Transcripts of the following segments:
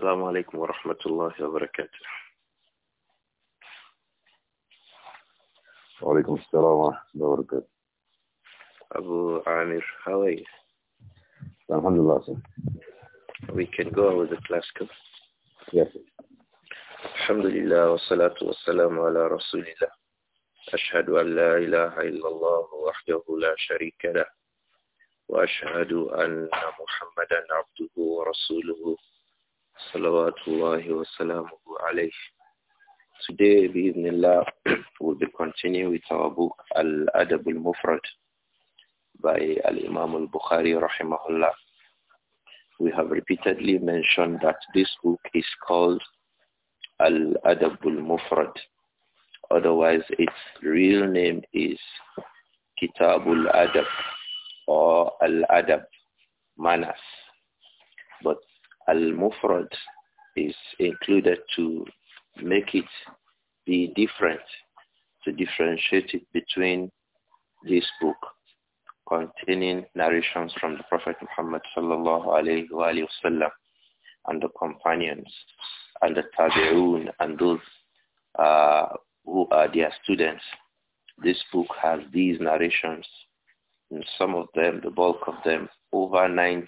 السلام عليكم ورحمة الله وبركاته وعليكم السلام ورحمة الله وبركاته Abu Amir, how are you? Alhamdulillah, sir. We can go over the class, come? Yes. الحمد لله والصلاة والسلام على رسول الله أشهد أن لا إله إلا الله وحده لا شريك له وأشهد أن محمدا عبده ورسوله salawatullahi wasalamu alayhi. Today, bi'idhnillah, we'll be continuing with our book Al-Adab al-Mufrad by Al-Imam al-Bukhari rahimahullah. We have repeatedly mentioned that this book is called Al-Adab al-Mufrad. Otherwise, its real name is Kitabul adab or Al-Adab, Manas. But al-mufrad is included to make it be different, to differentiate it between this book containing narrations from the Prophet Muhammad sallallahu alayhi wa sallam and the companions and the tabi'un and those uh, who are their students. This book has these narrations and some of them, the bulk of them, over 90%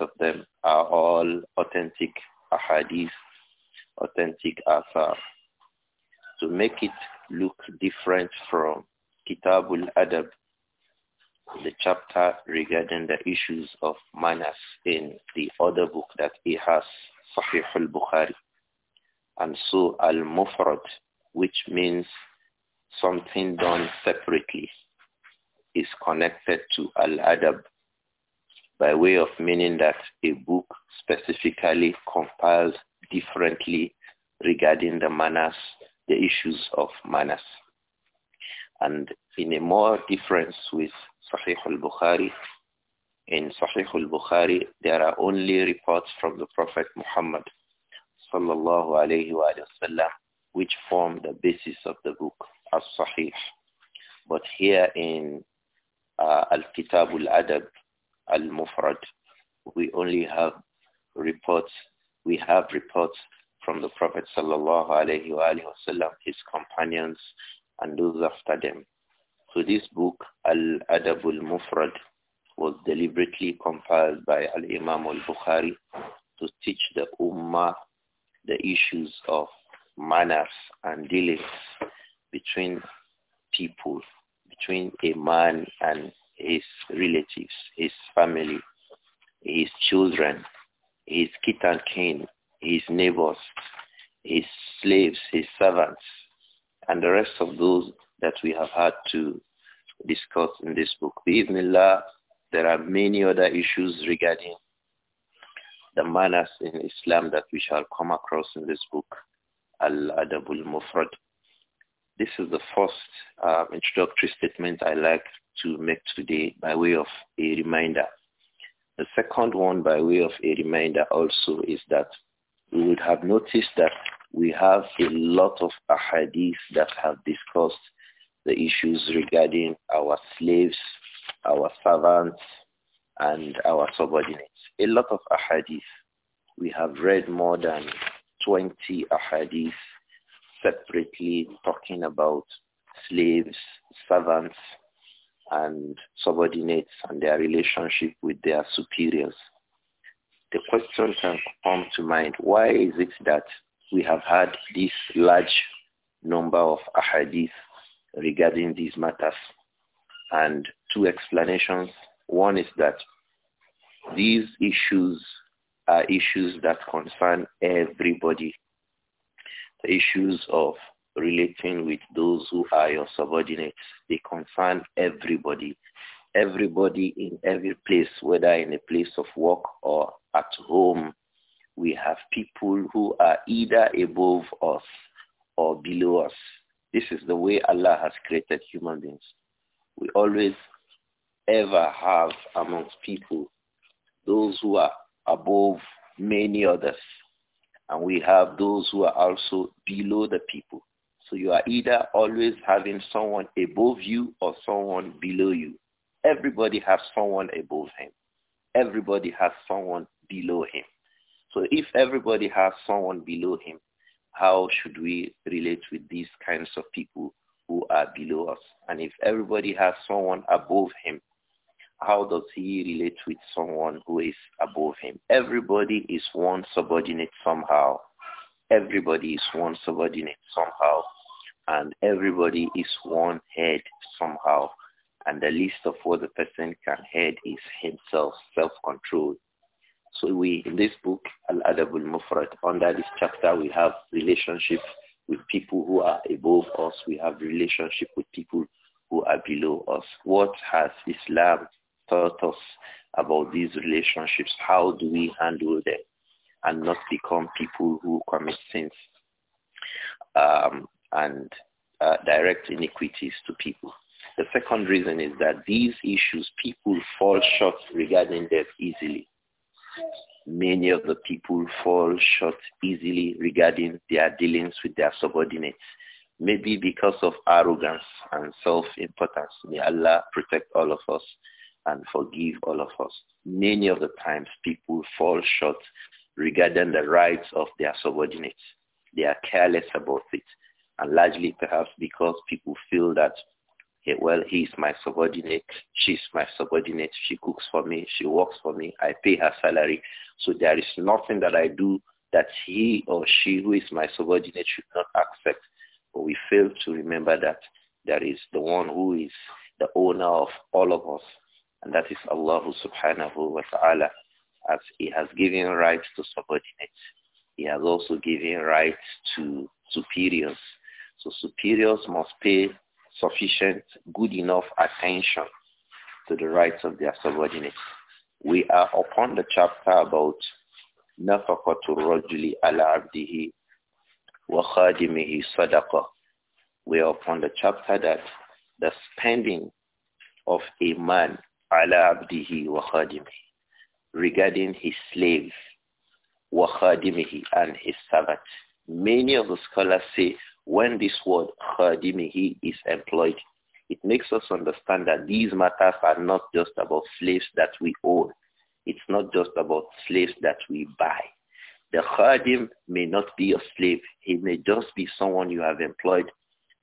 of them are all authentic ahadith, authentic asar. To make it look different from Kitabul Adab, the chapter regarding the issues of manners in the other book that he has, Sahih al-Bukhari. And so al-Mufrad, which means something done separately, is connected to al-Adab, by way of meaning that a book specifically compiles differently regarding the manners, the issues of manners. And in a more difference with Sahih al-Bukhari, in Sahih al-Bukhari there are only reports from the Prophet Muhammad sallallahu alayhi wa sallam which form the basis of the book as Sahih. But here in uh, Al-Kitab al-Adab, al-Mufrad. We only have reports, we have reports from the Prophet sallallahu alayhi wasallam, his companions, and those after them. So this book, Al-Adabul Mufrad, was deliberately compiled by Al-Imam al-Bukhari to teach the Ummah the issues of manners and dealings between people, between a man and his relatives, his family, his children, his kith and kin, his neighbors, his slaves, his servants, and the rest of those that we have had to discuss in this book. Bismillah, there are many other issues regarding the manners in Islam that we shall come across in this book, Al-Adabul Mufrad. This is the first uh, introductory statement I like to make today by way of a reminder. The second one by way of a reminder also is that we would have noticed that we have a lot of ahadith that have discussed the issues regarding our slaves, our servants, and our subordinates. A lot of ahadith. We have read more than 20 ahadith separately talking about slaves, servants, and subordinates and their relationship with their superiors. The question can come to mind, why is it that we have had this large number of ahadith regarding these matters? And two explanations. One is that these issues are issues that concern everybody issues of relating with those who are your subordinates. They concern everybody, everybody in every place, whether in a place of work or at home. We have people who are either above us or below us. This is the way Allah has created human beings. We always ever have amongst people those who are above many others and we have those who are also below the people. So you are either always having someone above you or someone below you. Everybody has someone above him. Everybody has someone below him. So if everybody has someone below him, how should we relate with these kinds of people who are below us? And if everybody has someone above him, how does he relate with someone who is above him? Everybody is one subordinate somehow. Everybody is one subordinate somehow. And everybody is one head somehow. And the least of what the person can head is himself, self-control. So we, in this book, Al-Adabul Mufrad, under this chapter we have relationship with people who are above us. We have relationship with people who are below us. What has Islam taught us about these relationships. How do we handle them and not become people who commit sins um, and uh, direct iniquities to people? The second reason is that these issues, people fall short regarding them easily. Many of the people fall short easily regarding their dealings with their subordinates maybe because of arrogance and self-importance. May Allah protect all of us and forgive all of us. Many of the times people fall short regarding the rights of their subordinates. They are careless about it. And largely perhaps because people feel that, hey, well, he's my subordinate, she's my subordinate, she cooks for me, she works for me, I pay her salary. So there is nothing that I do that he or she who is my subordinate should not accept. But we fail to remember that there is the one who is the owner of all of us and that is Allah subhanahu wa ta'ala. As he has given rights to subordinates, he has also given rights to superiors. So superiors must pay sufficient, good enough attention to the rights of their subordinates. We are upon the chapter about نفقة الرجل على عبده وخادمه صدقة. We are upon the chapter that the spending of a man ala abdihi wa khadimihi, regarding his slave wa khadimihi and his servant. Many of the scholars say when this word khadimihi is employed, it makes us understand that these matters are not just about slaves that we own. It's not just about slaves that we buy. The khadim may not be a slave. He may just be someone you have employed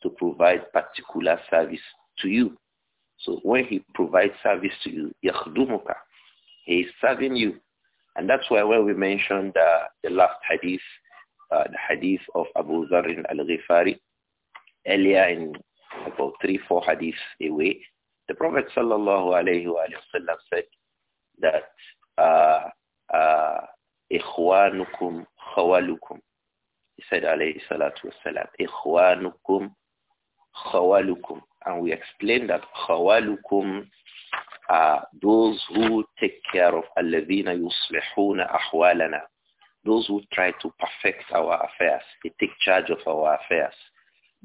to provide particular service to you. So when he provides service to you, yakhdumuka, he is serving you. And that's why when we mentioned uh, the last hadith, uh, the hadith of Abu Zarin al-Ghifari, earlier in about three, four hadiths away, the Prophet sallallahu alayhi wa sallam said that uh, uh, إخوانكم خولكم He said alayhi salatu إخوانكم خولكم and we explained that خَوَالُكُمْ are those who take care of الَّذِينَ يُصْلِحُونَ أَحْوَالَنَا Those who try to perfect our affairs. They take charge of our affairs.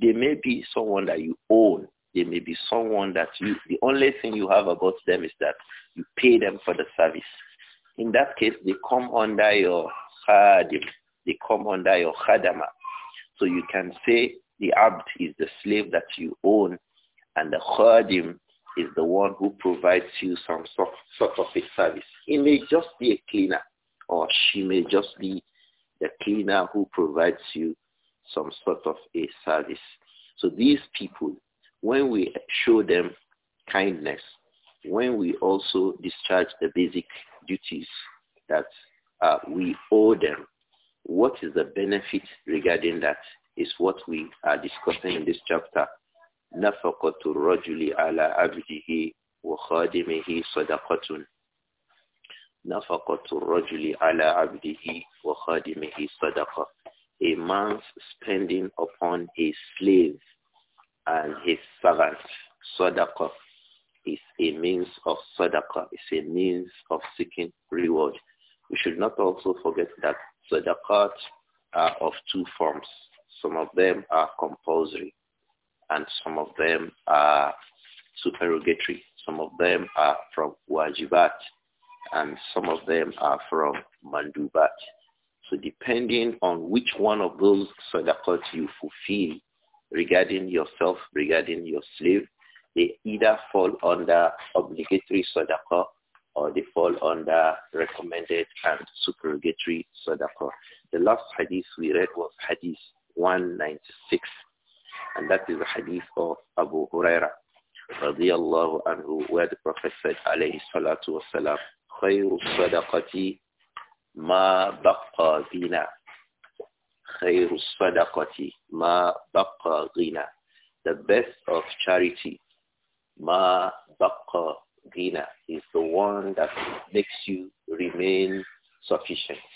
They may be someone that you own. They may be someone that you, the only thing you have about them is that you pay them for the service. In that case, they come under your khadim. They come under your khadama. So you can say the abd is the slave that you own and the khadim is the one who provides you some sort, sort of a service. He may just be a cleaner or she may just be the cleaner who provides you some sort of a service. So these people, when we show them kindness, when we also discharge the basic duties that uh, we owe them, what is the benefit regarding that is what we are discussing in this chapter. نفقة الرجل على عبده وخادمه صدقة نفقة الرجل على عبده وخادمه صدقة A man's spending upon his slave and his servant, صدقة, is a means of sadaqah, is a means of seeking reward. We should not also forget that sadaqat are of two forms. Some of them are compulsory and some of them are supererogatory, some of them are from wajibat, and some of them are from mandubat. So depending on which one of those sadaqat you fulfill regarding yourself, regarding your slave, they either fall under obligatory sadaqah or they fall under recommended and supererogatory sadaqah. The last hadith we read was hadith 196 and that is the hadith of Abu Huraira, radiallahu anhu, where the Prophet said, alayhi salatu wasalam, خير الصدقة ما بقى غنى خير الصدقة ما بقى غنى The best of charity ما بقى غنى is the one that makes you remain sufficient.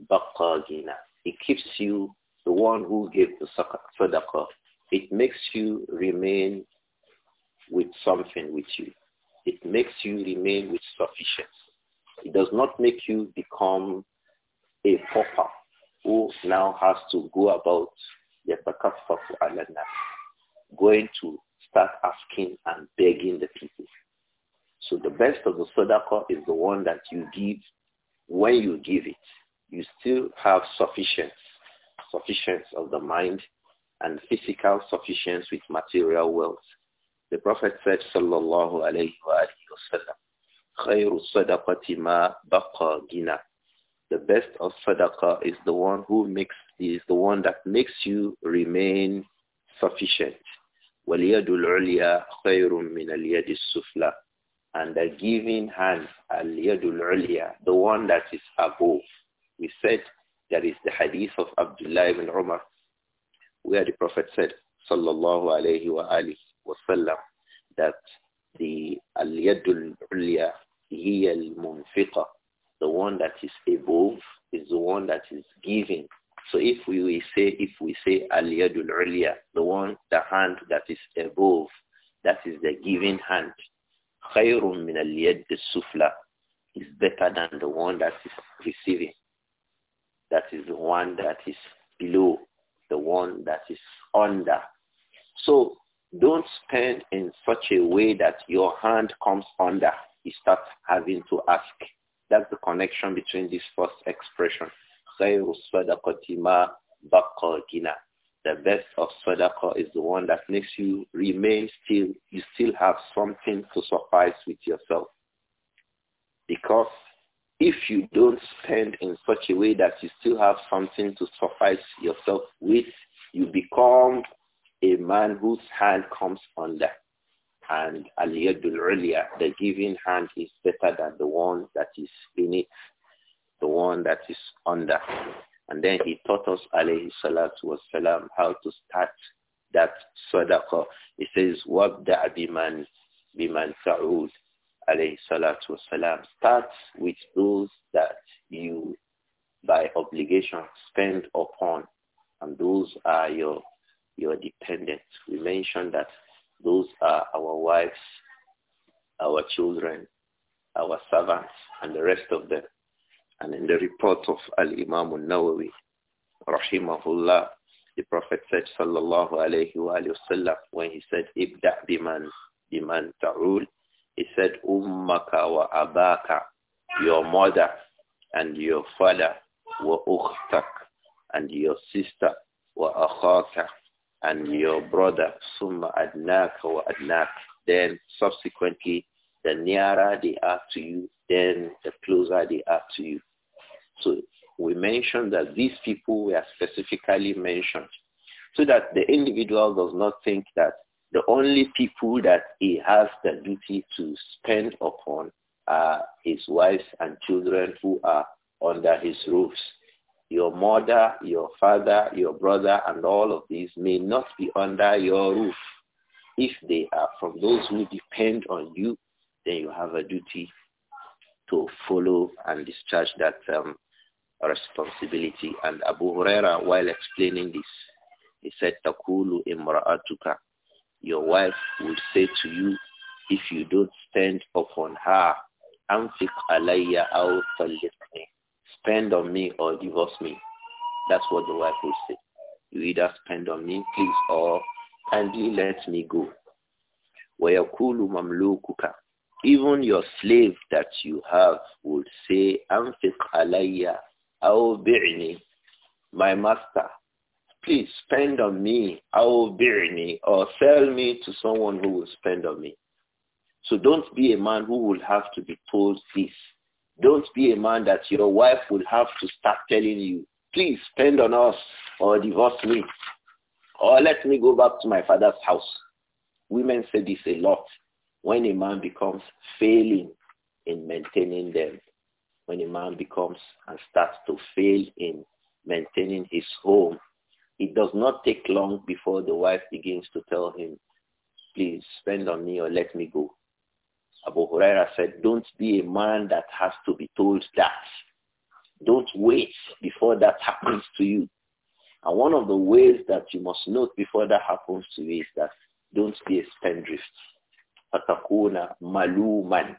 بقى غنى It keeps you the one who gave the sadaqah, it makes you remain with something with you. It makes you remain with sufficiency. It does not make you become a pauper who now has to go about yatakaffafu ala going to start asking and begging the people. So the best of the sadaqah is the one that you give when you give it. You still have sufficient sufficiency of the mind and physical sufficiency with material wealth. The Prophet said, Sallallahu alayhi wa wasallam, The best of sadaqah is the one who makes is the one that makes you remain sufficient. وَالْيَدُ الْعُلْيَا خَيْرٌ مِنَ الْيَدِ السُّفْلَى And the giving hand, الْيَدُ الْعُلْيَا, the one that is above. We said that is the hadith of Abdullah ibn Umar where the Prophet said, sallallahu alayhi wa alihi wa sallam, that the al-yadul ulya hiya al-munfiqa, the one that is above is the one that is giving. So if we, we say, if we say al-yadul ulya, the one, the hand that is above, that is the giving hand, khayrun min al-yad sufla is better than the one that is receiving. That is the one that is below, the one that is under. So don't spend in such a way that your hand comes under. You start having to ask. That's the connection between this first expression. The best of sadaqah is the one that makes you remain still. You still have something to suffice with yourself. Because if you don't spend in such a way that you still have something to suffice yourself with, you become a man whose hand comes under. And Aliyadul Uliya, the giving hand is better than the one that is beneath, the one that is under. And then he taught us, alayhi salatu wasalam, how to start that sadaqah. He says, وَابْدَعْ بِمَنْ, بِمَنْ تَعُودُ alayhi salatu wasalam, starts with those that you, by obligation, spend upon. And those are your, your dependents. We mentioned that those are our wives, our children, our servants, and the rest of them. And in the report of Al-Imam al-Nawawi, rahimahullah, the Prophet said, sallallahu alayhi wa, sallam, when he said, ibda biman, biman ta'ul, he said, Ummaka wa abaka, your mother and your father, wa ukhtak, and your sister, wa akhaka, and your brother, summa adnaka wa adnak. Then subsequently, the nearer they are to you, then the closer they are to you. So we mentioned that these people were specifically mentioned so that the individual does not think that the only people that he has the duty to spend upon are his wives and children who are under his roofs. Your mother, your father, your brother, and all of these may not be under your roof. If they are from those who depend on you, then you have a duty to follow and discharge that um, responsibility. And Abu Huraira, while explaining this, he said, "Takulu imra'atuka your wife will say to you, if you don't spend upon her, Amfik alayya aw me. Spend on me or divorce me. That's what the wife will say. You either spend on me, please, or kindly let me go. وَيَقُولُ مَمْلُوكُكَ Even your slave that you have would say, أَنْفِقْ عَلَيَّ أَوْ بِعْنِي My master, please spend on me, I will bury me, or sell me to someone who will spend on me. So don't be a man who will have to be told this. Don't be a man that your wife will have to start telling you, please spend on us or divorce me or let me go back to my father's house. Women say this a lot when a man becomes failing in maintaining them, when a man becomes and starts to fail in maintaining his home, it does not take long before the wife begins to tell him, please spend on me or let me go. Abu Huraira said, don't be a man that has to be told that. Don't wait before that happens to you. And one of the ways that you must note before that happens to you is that don't be a spendthrift. Fatakuna maluman.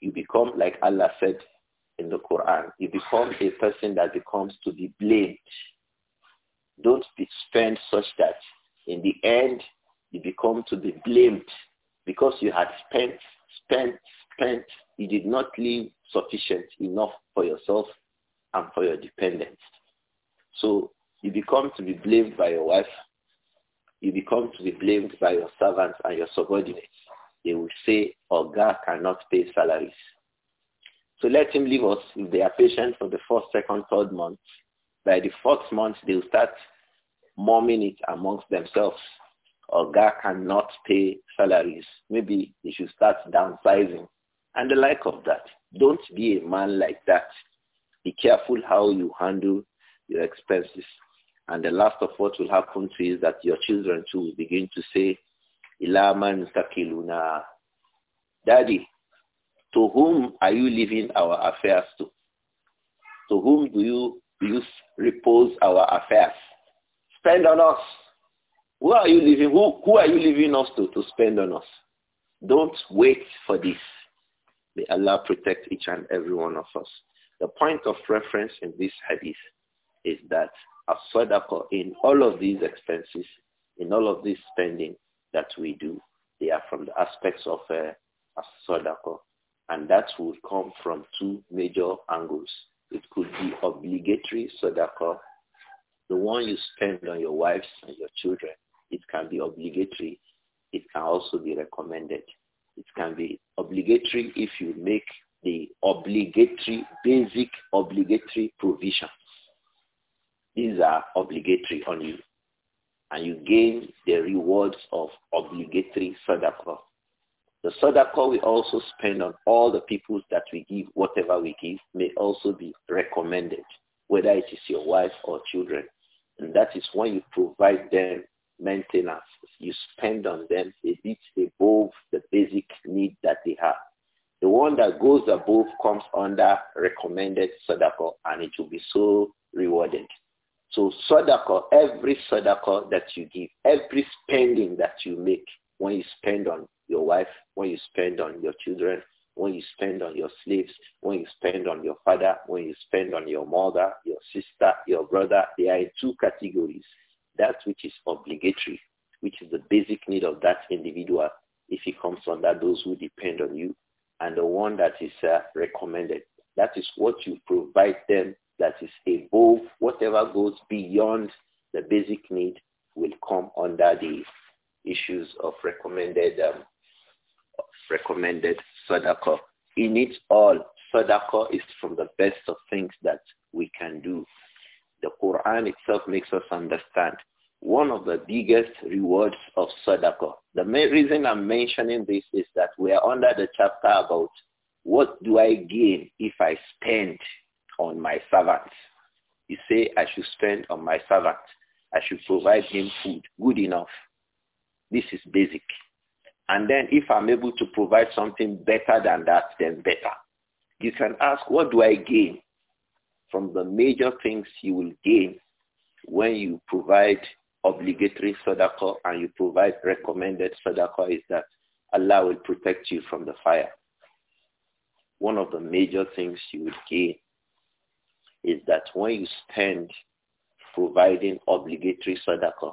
You become, like Allah said in the Quran, you become a person that becomes to be blamed don't spend such that in the end you become to be blamed because you had spent, spent, spent. You did not leave sufficient enough for yourself and for your dependents. So you become to be blamed by your wife. You become to be blamed by your servants and your subordinates. They will say, Oga cannot pay salaries. So let him leave us. If they are patient for the first, second, third month, by the fourth month, they'll start mumming it amongst themselves. Oga cannot pay salaries. Maybe they should start downsizing and the like of that. Don't be a man like that. Be careful how you handle your expenses. And the last of what will happen to you is that your children too will begin to say, Ilaman Sakiluna, Daddy, to whom are you leaving our affairs to? To whom do you use repose our affairs. Spend on us. Who are you leaving? Who, who are you leaving us to, to spend on us? Don't wait for this. May Allah protect each and every one of us. The point of reference in this hadith is that as sadaqah in all of these expenses, in all of this spending that we do, they are from the aspects of uh, as sadaqah. And that will come from two major angles. It could be obligatory sadaqah, the one you spend on your wives and your children. It can be obligatory. It can also be recommended. It can be obligatory if you make the obligatory, basic obligatory provisions. These are obligatory on you. And you gain the rewards of obligatory sadaqah. The sadaqah we also spend on all the people that we give, whatever we give, may also be recommended, whether it is your wife or children. And that is when you provide them maintenance. You spend on them a bit above the basic need that they have. The one that goes above comes under recommended sadaqah and it will be so rewarded. So sadaqah, every sadaqah that you give, every spending that you make, when you spend on your wife, when you spend on your children, when you spend on your slaves, when you spend on your father, when you spend on your mother, your sister, your brother, they are in two categories. That which is obligatory, which is the basic need of that individual if he comes under those who depend on you, and the one that is uh, recommended. That is what you provide them that is above whatever goes beyond the basic need will come under the issues of recommended um, recommended sadaqah. In it all, sadaqah is from the best of things that we can do. The Quran itself makes us understand one of the biggest rewards of sadaqah. The main reason I'm mentioning this is that we are under the chapter about what do I gain if I spend on my servants. You say I should spend on my servant. I should provide him food. Good enough. This is basic. And then if I'm able to provide something better than that, then better. You can ask, what do I gain? From the major things you will gain when you provide obligatory sadaqah and you provide recommended sadaqah is that Allah will protect you from the fire. One of the major things you will gain is that when you spend providing obligatory sadaqah,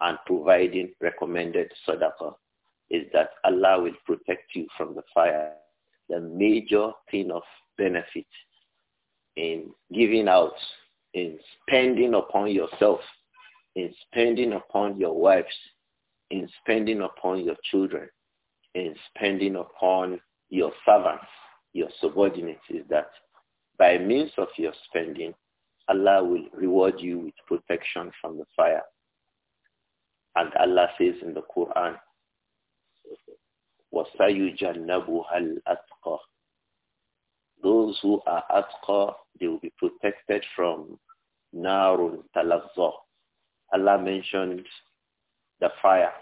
and providing recommended sadaqah is that Allah will protect you from the fire. The major thing of benefit in giving out, in spending upon yourself, in spending upon your wives, in spending upon your children, in spending upon your servants, your subordinates is that by means of your spending, Allah will reward you with protection from the fire. And Allah says in the Quran, وَسَيُجَنَّبُهَا الْأَتْقَى Those who are atqa, they will be protected from narun talazza. Allah mentioned the fire,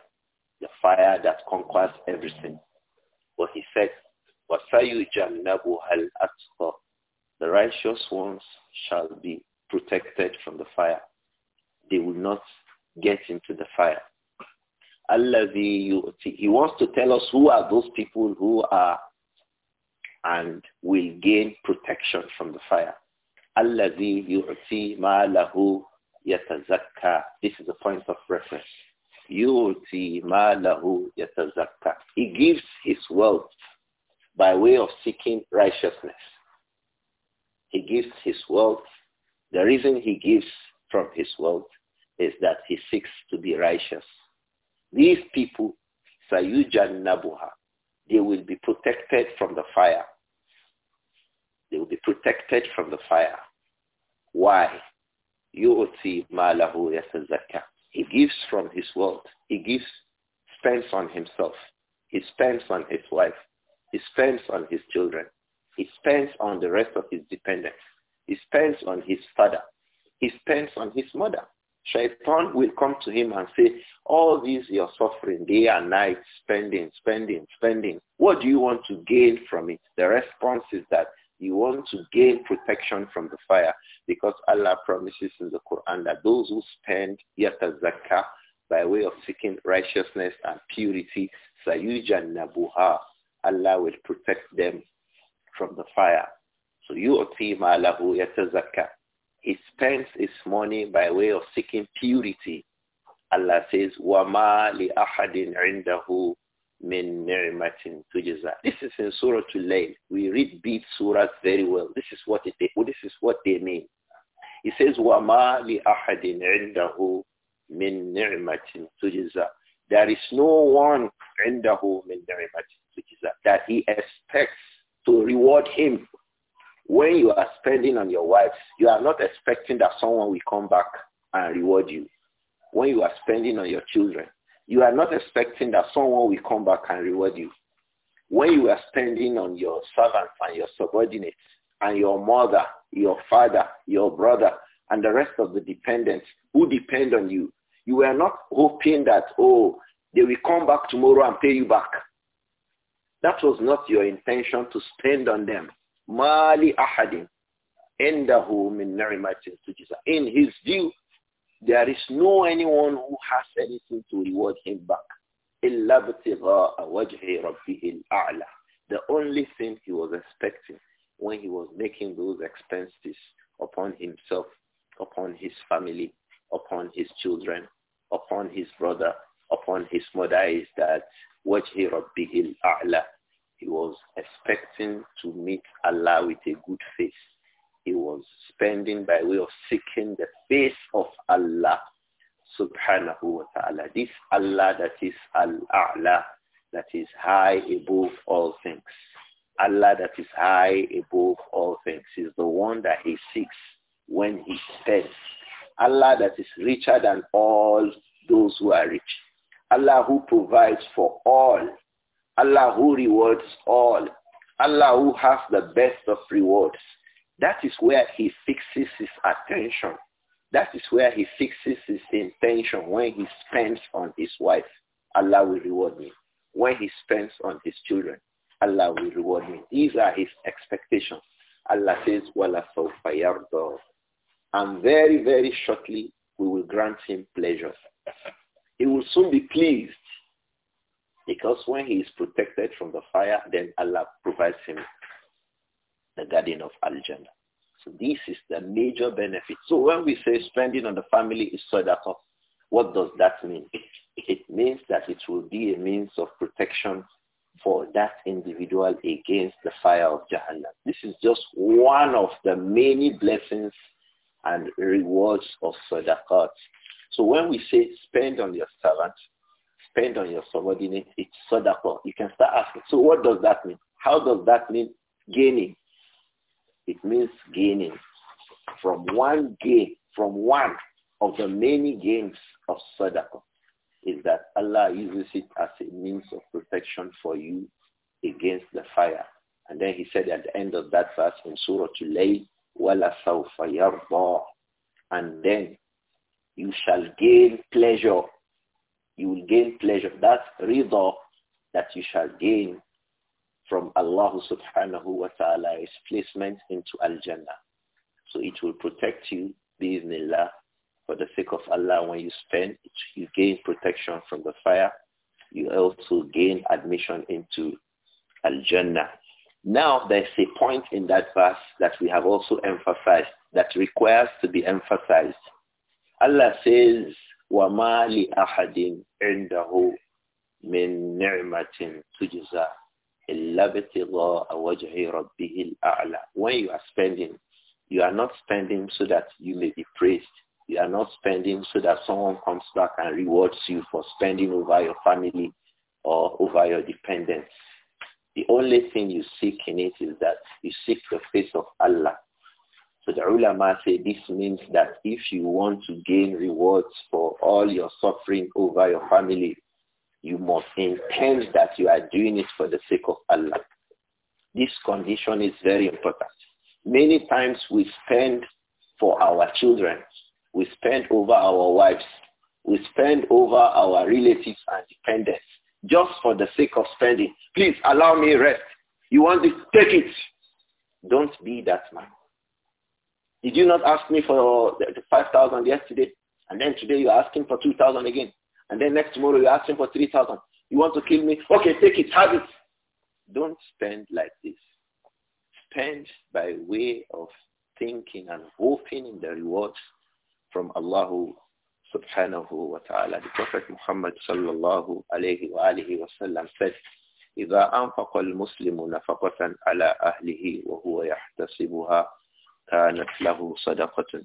the fire that conquers everything. But he said, وَسَيُجَنَّبُهَا الْأَتْقَى The righteous ones shall be protected from the fire. They will not get into the fire. He wants to tell us who are those people who are and will gain protection from the fire. الَّذِي يُعْتِي مَالَهُ yatazakka. This is the point of reference. يُعْتِي مَالَهُ yatazakka. He gives his wealth by way of seeking righteousness. He gives his wealth. The reason he gives from his wealth is that he seeks to be righteous. These people, Sayujan Nabuha, they will be protected from the fire. They will be protected from the fire. Why? Yu'ti malahu yatazakka. He gives from his wealth. He gives, spends on himself. He spends on his wife. He spends on his children. He spends on the rest of his dependents. He spends on his father. He spends on his mother. Shaitan will come to him and say, all these you're suffering day and night, spending, spending, spending. What do you want to gain from it? The response is that you want to gain protection from the fire because Allah promises in the Quran that those who spend zakah by way of seeking righteousness and purity, sayujan nabuha, Allah will protect them from the fire. So you yu'ti ma'lahu zakah. He spends his money by way of seeking purity. Allah says, وَمَا لِأَحَدٍ عِنْدَهُ min ni'matin tujza. This is in Surah Al-Layl. We read beat surahs very well. This is what it this is what they mean. He says wa ma li ahadin 'indahu min ni'matin tujza. There is no one 'indahu min ni'matin tujza that he expects to reward him when you are spending on your wife, you are not expecting that someone will come back and reward you. When you are spending on your children, you are not expecting that someone will come back and reward you. When you are spending on your servants and your subordinates and your mother, your father, your brother, and the rest of the dependents who depend on you, you are not hoping that, oh, they will come back tomorrow and pay you back. That was not your intention to spend on them. Mali لِأَحَدٍ إِنْدَهُ min نِعْمَةٍ تُجْزَى In his due, there is no anyone who has anything to reward him back. إِلَّا بِتِغَاءَ وَجْهِ رَبِّهِ A'la The only thing he was expecting when he was making those expenses upon himself, upon his family, upon his children, upon his brother, upon his mother is that وَجْهِ رَبِّهِ A'la. He was expecting to meet Allah with a good face. He was spending by way of seeking the face of Allah subhanahu wa ta'ala. This Allah that is al-A'la, that is high above all things. Allah that is high above all things is the one that he seeks when he spends. Allah that is richer than all those who are rich. Allah who provides for all Allah who rewards all. Allah who has the best of rewards. That is where he fixes his attention. That is where he fixes his intention when he spends on his wife. Allah will reward me. When he spends on his children, Allah will reward me. These are his expectations. Allah says, Wala And very, very shortly, we will grant him pleasure. He will soon be pleased because when he is protected from the fire, then Allah provides him the garden of Al-Jannah. So this is the major benefit. So when we say spending on the family is sadaqah, what does that mean? It means that it will be a means of protection for that individual against the fire of Jahannam. This is just one of the many blessings and rewards of sadaqah. So when we say spend on your servant, depend on your subordinate, it's sadaqah. You can start asking, so what does that mean? How does that mean gaining? It means gaining from one gain, from one of the many gains of sadaqah is that Allah uses it as a means of protection for you against the fire. And then he said at the end of that verse in Surah Tulay, "Wala وَلَا And then you shall gain pleasure you will gain pleasure. That rida that you shall gain from Allah subhanahu wa ta'ala is placement into Al-Jannah. So it will protect you, bismillah, for the sake of Allah. When you spend, you gain protection from the fire. You also gain admission into Al-Jannah. Now there's a point in that verse that we have also emphasized that requires to be emphasized. Allah says, when you are spending, you are not spending so that you may be praised. You are not spending so that someone comes back and rewards you for spending over your family or over your dependents. The only thing you seek in it is that you seek the face of Allah the ulama say this means that if you want to gain rewards for all your suffering over your family, you must intend that you are doing it for the sake of Allah. This condition is very important. Many times we spend for our children. We spend over our wives. We spend over our relatives and dependents just for the sake of spending. Please allow me rest. You want to take it. Don't be that man. Did you not ask me for the 5,000 yesterday? And then today you're asking for 2,000 again. And then next tomorrow you're asking for 3,000. You want to kill me? Okay, take it, have it. Don't spend like this. Spend by way of thinking and hoping in the rewards from Allah subhanahu wa ta'ala. The Prophet Muhammad sallallahu alayhi wa alihi wa sallam said, إذا أنفق المسلم نفقة على أهله وهو يحتسبها كانت له صدقة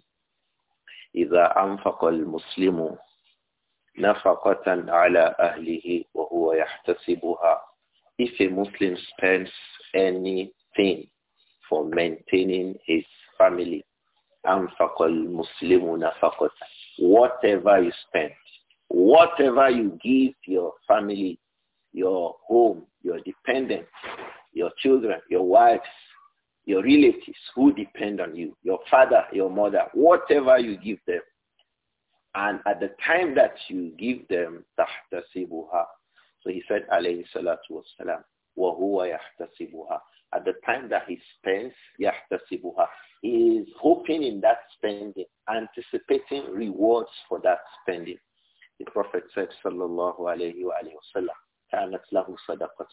إذا أنفق المسلم نفقة على أهله وهو يحتسبها If a Muslim spends anything for maintaining his family, أنفق المسلم نفقة Whatever you spend, whatever you give your family, your home, your dependents, your children, your wives, your relatives who depend on you, your father, your mother, whatever you give them. And at the time that you give them, تَحْتَسِبُهَا So he said, alayhi salatu وَهُوَ يَحْتَسِبُهَا At the time that he spends, يَحْتَسِبُهَا He is hoping in that spending, anticipating rewards for that spending. The Prophet said, sallallahu alayhi wa sallam, كَانَتْ لَهُ صَدَقَةٌ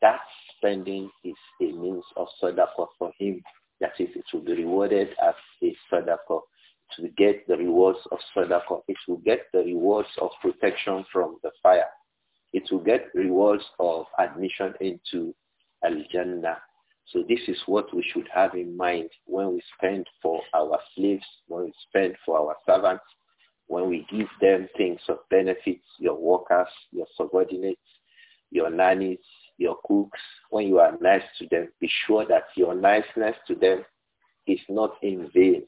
that spending is a means of sadaqah for him. That is, it will be rewarded as a sadaqah. To get the rewards of sadaqah, it will get the rewards of protection from the fire. It will get rewards of admission into al-Jannah. So this is what we should have in mind when we spend for our slaves, when we spend for our servants, when we give them things of benefits, your workers, your subordinates, your nannies, your cooks, when you are nice to them, be sure that your niceness to them is not in vain.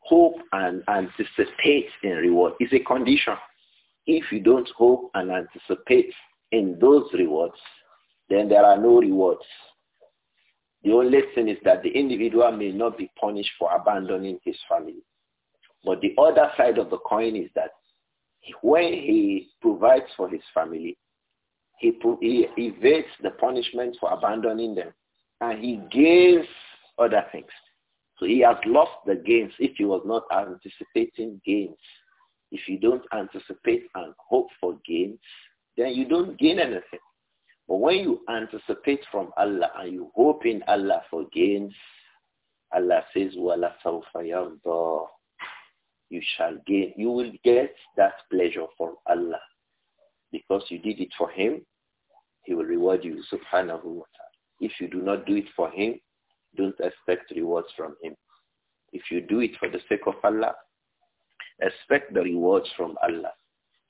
Hope and anticipate in reward is a condition. If you don't hope and anticipate in those rewards, then there are no rewards. The only thing is that the individual may not be punished for abandoning his family. But the other side of the coin is that when he provides for his family, he, he evades the punishment for abandoning them. And he gains other things. So he has lost the gains if he was not anticipating gains. If you don't anticipate and hope for gains, then you don't gain anything. But when you anticipate from Allah and you hope in Allah for gains, Allah says, Wala You shall gain. You will get that pleasure from Allah because you did it for him, he will reward you, subhanahu wa ta'ala. If you do not do it for him, don't expect rewards from him. If you do it for the sake of Allah, expect the rewards from Allah.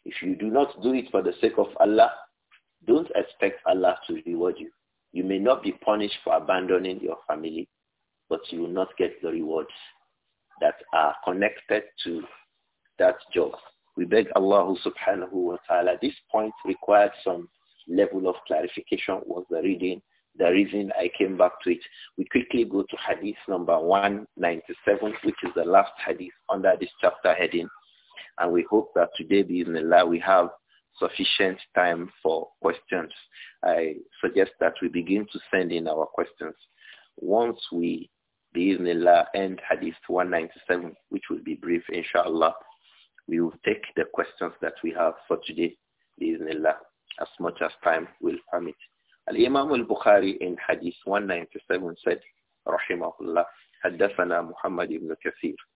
If you do not do it for the sake of Allah, don't expect Allah to reward you. You may not be punished for abandoning your family, but you will not get the rewards that are connected to that job. We beg Allah subhanahu wa ta'ala. This point required some level of clarification was the reading. The reason I came back to it. We quickly go to hadith number 197, which is the last hadith under this chapter heading. And we hope that today, bismillah, we have sufficient time for questions. I suggest that we begin to send in our questions. Once we, bismillah, end hadith 197, which will be brief, inshallah, we will take the questions that we have for today, bismillah, as much as time will permit. Al-Imam al-Bukhari in Hadith 197 said, rahimahullah, حدثنا محمد بن كثير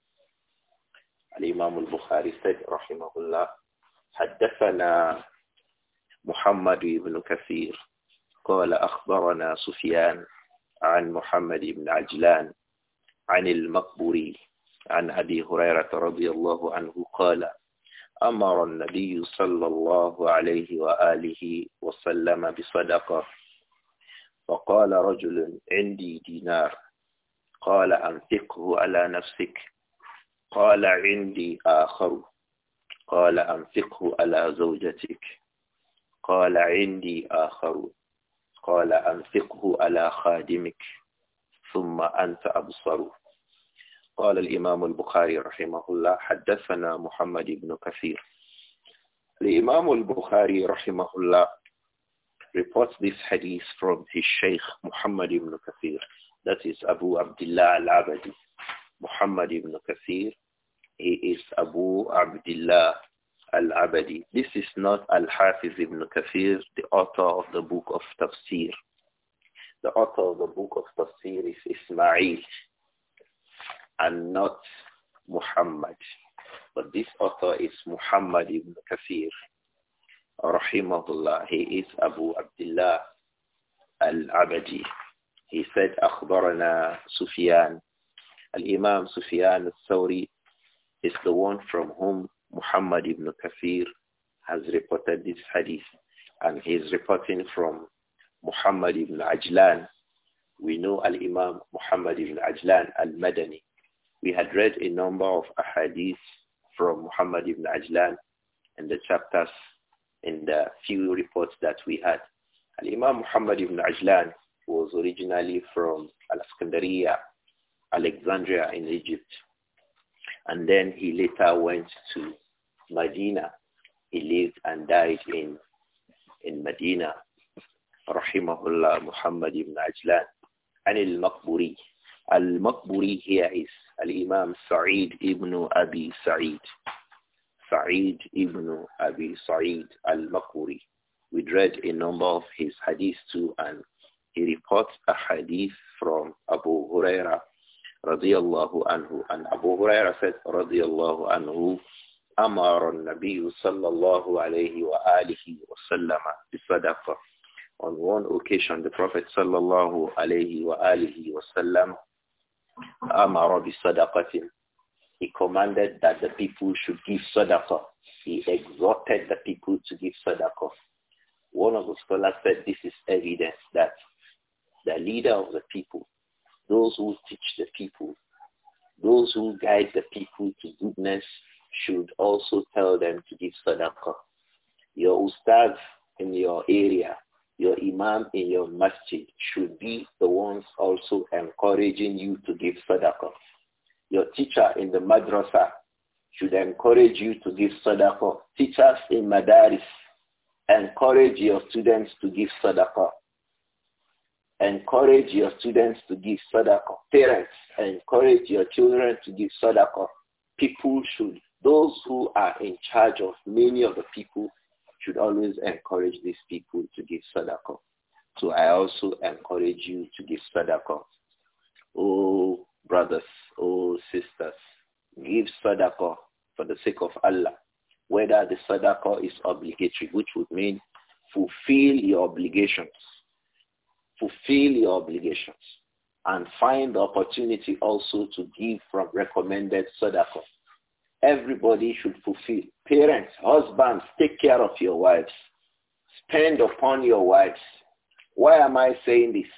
الإمام البخاري said رحمه الله حدثنا محمد بن كثير قال أخبرنا سفيان عن محمد بن عجلان عن المقبري عن أبي هريرة رضي الله عنه قال أمر النبي صلى الله عليه وآله وسلم بصدقة فقال رجل عندي دينار قال أنفقه على نفسك قال عندي آخر قال أنفقه على زوجتك قال عندي آخر قال أنفقه على خادمك ثم أنت أبصره قال الإمام البخاري رحمه الله حدثنا محمد بن كثير الإمام البخاري رحمه الله reports this hadith from his sheikh Muhammad ibn Kathir that is Abu Abdullah al-Abadi Muhammad ibn Kathir he is Abu Abdullah al-Abadi this is not al-Hafiz ibn Kathir the author of the book of tafsir the author of the book of tafsir is Ismail and not Muhammad. But this author is Muhammad ibn Kafir. Rahimahullah. He is Abu Abdullah al-Abadi. He said, أخبرنا سفيان. Al-Imam Sufyan al-Thawri is the one from whom Muhammad ibn Kafir has reported this hadith. And he is reporting from Muhammad ibn Ajlan. We know Al-Imam Muhammad ibn Ajlan al-Madani. We had read a number of ahadith from Muhammad ibn Ajlan and the chapters in the few reports that we had. Al-Imam Muhammad ibn Ajlan was originally from Alexandria, Alexandria in Egypt. And then he later went to Medina. He lived and died in, in Medina. Rahimahullah Muhammad ibn Ajlan. Anil Maqburi. Al-Maqburi here is Al-Imam Saeed ibn Abi Saeed Saeed ibn Abi Saeed Al-Maqburi. We read a number of his hadiths too and he reports a hadith from Abu Huraira radiyallahu anhu. And Abu Huraira said radiyallahu anhu, أمر النبي صلى الله عليه وآله وسلم On one occasion, the Prophet sallallahu alayhi wa alihi Amara bi He commanded that the people should give sadaqah. He exhorted the people to give sadaqah. One of the scholars said this is evidence that the leader of the people, those who teach the people, those who guide the people to goodness should also tell them to give sadaqah. Your ustad in your area, your imam in your masjid should be the ones also encouraging you to give sadaqah. Your teacher in the madrasa should encourage you to give sadaqah. Teachers in madaris, encourage your students to give sadaqah. Encourage your students to give sadaqah. Parents, encourage your children to give sadaqah. People should, those who are in charge of many of the people should always encourage these people to give sadaqah. So I also encourage you to give sadaqah. Oh brothers, oh sisters, give sadaqah for the sake of Allah. Whether the sadaqah is obligatory, which would mean fulfill your obligations. Fulfill your obligations and find the opportunity also to give from recommended sadaqah everybody should fulfill. Parents, husbands, take care of your wives. Spend upon your wives. Why am I saying this?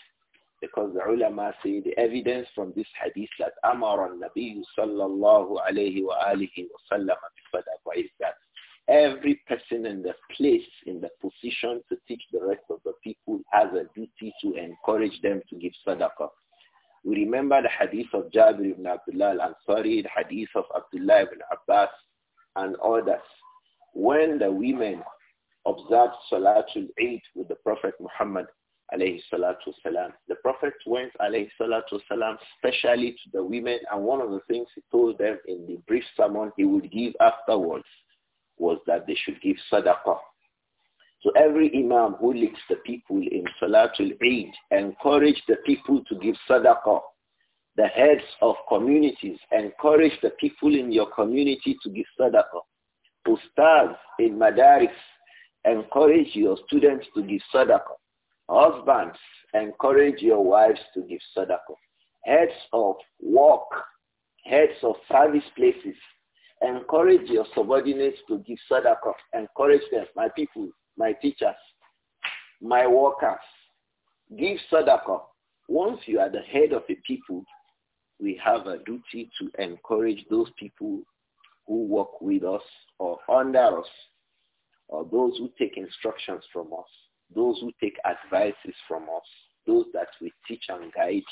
Because the ulama say the evidence from this hadith that Amar al-Nabi sallallahu alayhi wa alihi wa sallam is that every person in the place, in the position to teach the rest of the people has a duty to encourage them to give sadaqah. We remember the hadith of Jabir ibn Abdullah al-Ansari, the hadith of Abdullah ibn Abbas and others. When the women observed Salatul Eid with the Prophet Muhammad alayhi the Prophet went alayhi specially to the women and one of the things he told them in the brief sermon he would give afterwards was that they should give sadaqah so every imam who leads the people in Salatul Eid encourage the people to give sadaqah. The heads of communities encourage the people in your community to give sadaqah. Ustaz in Madaris encourage your students to give sadaqah. Husbands, encourage your wives to give sadaqah. Heads of work, heads of service places, encourage your subordinates to give sadaqah. Encourage them, my people my teachers, my workers. Give sadaqah. Once you are the head of a people, we have a duty to encourage those people who work with us or under us or those who take instructions from us, those who take advices from us, those that we teach and guide,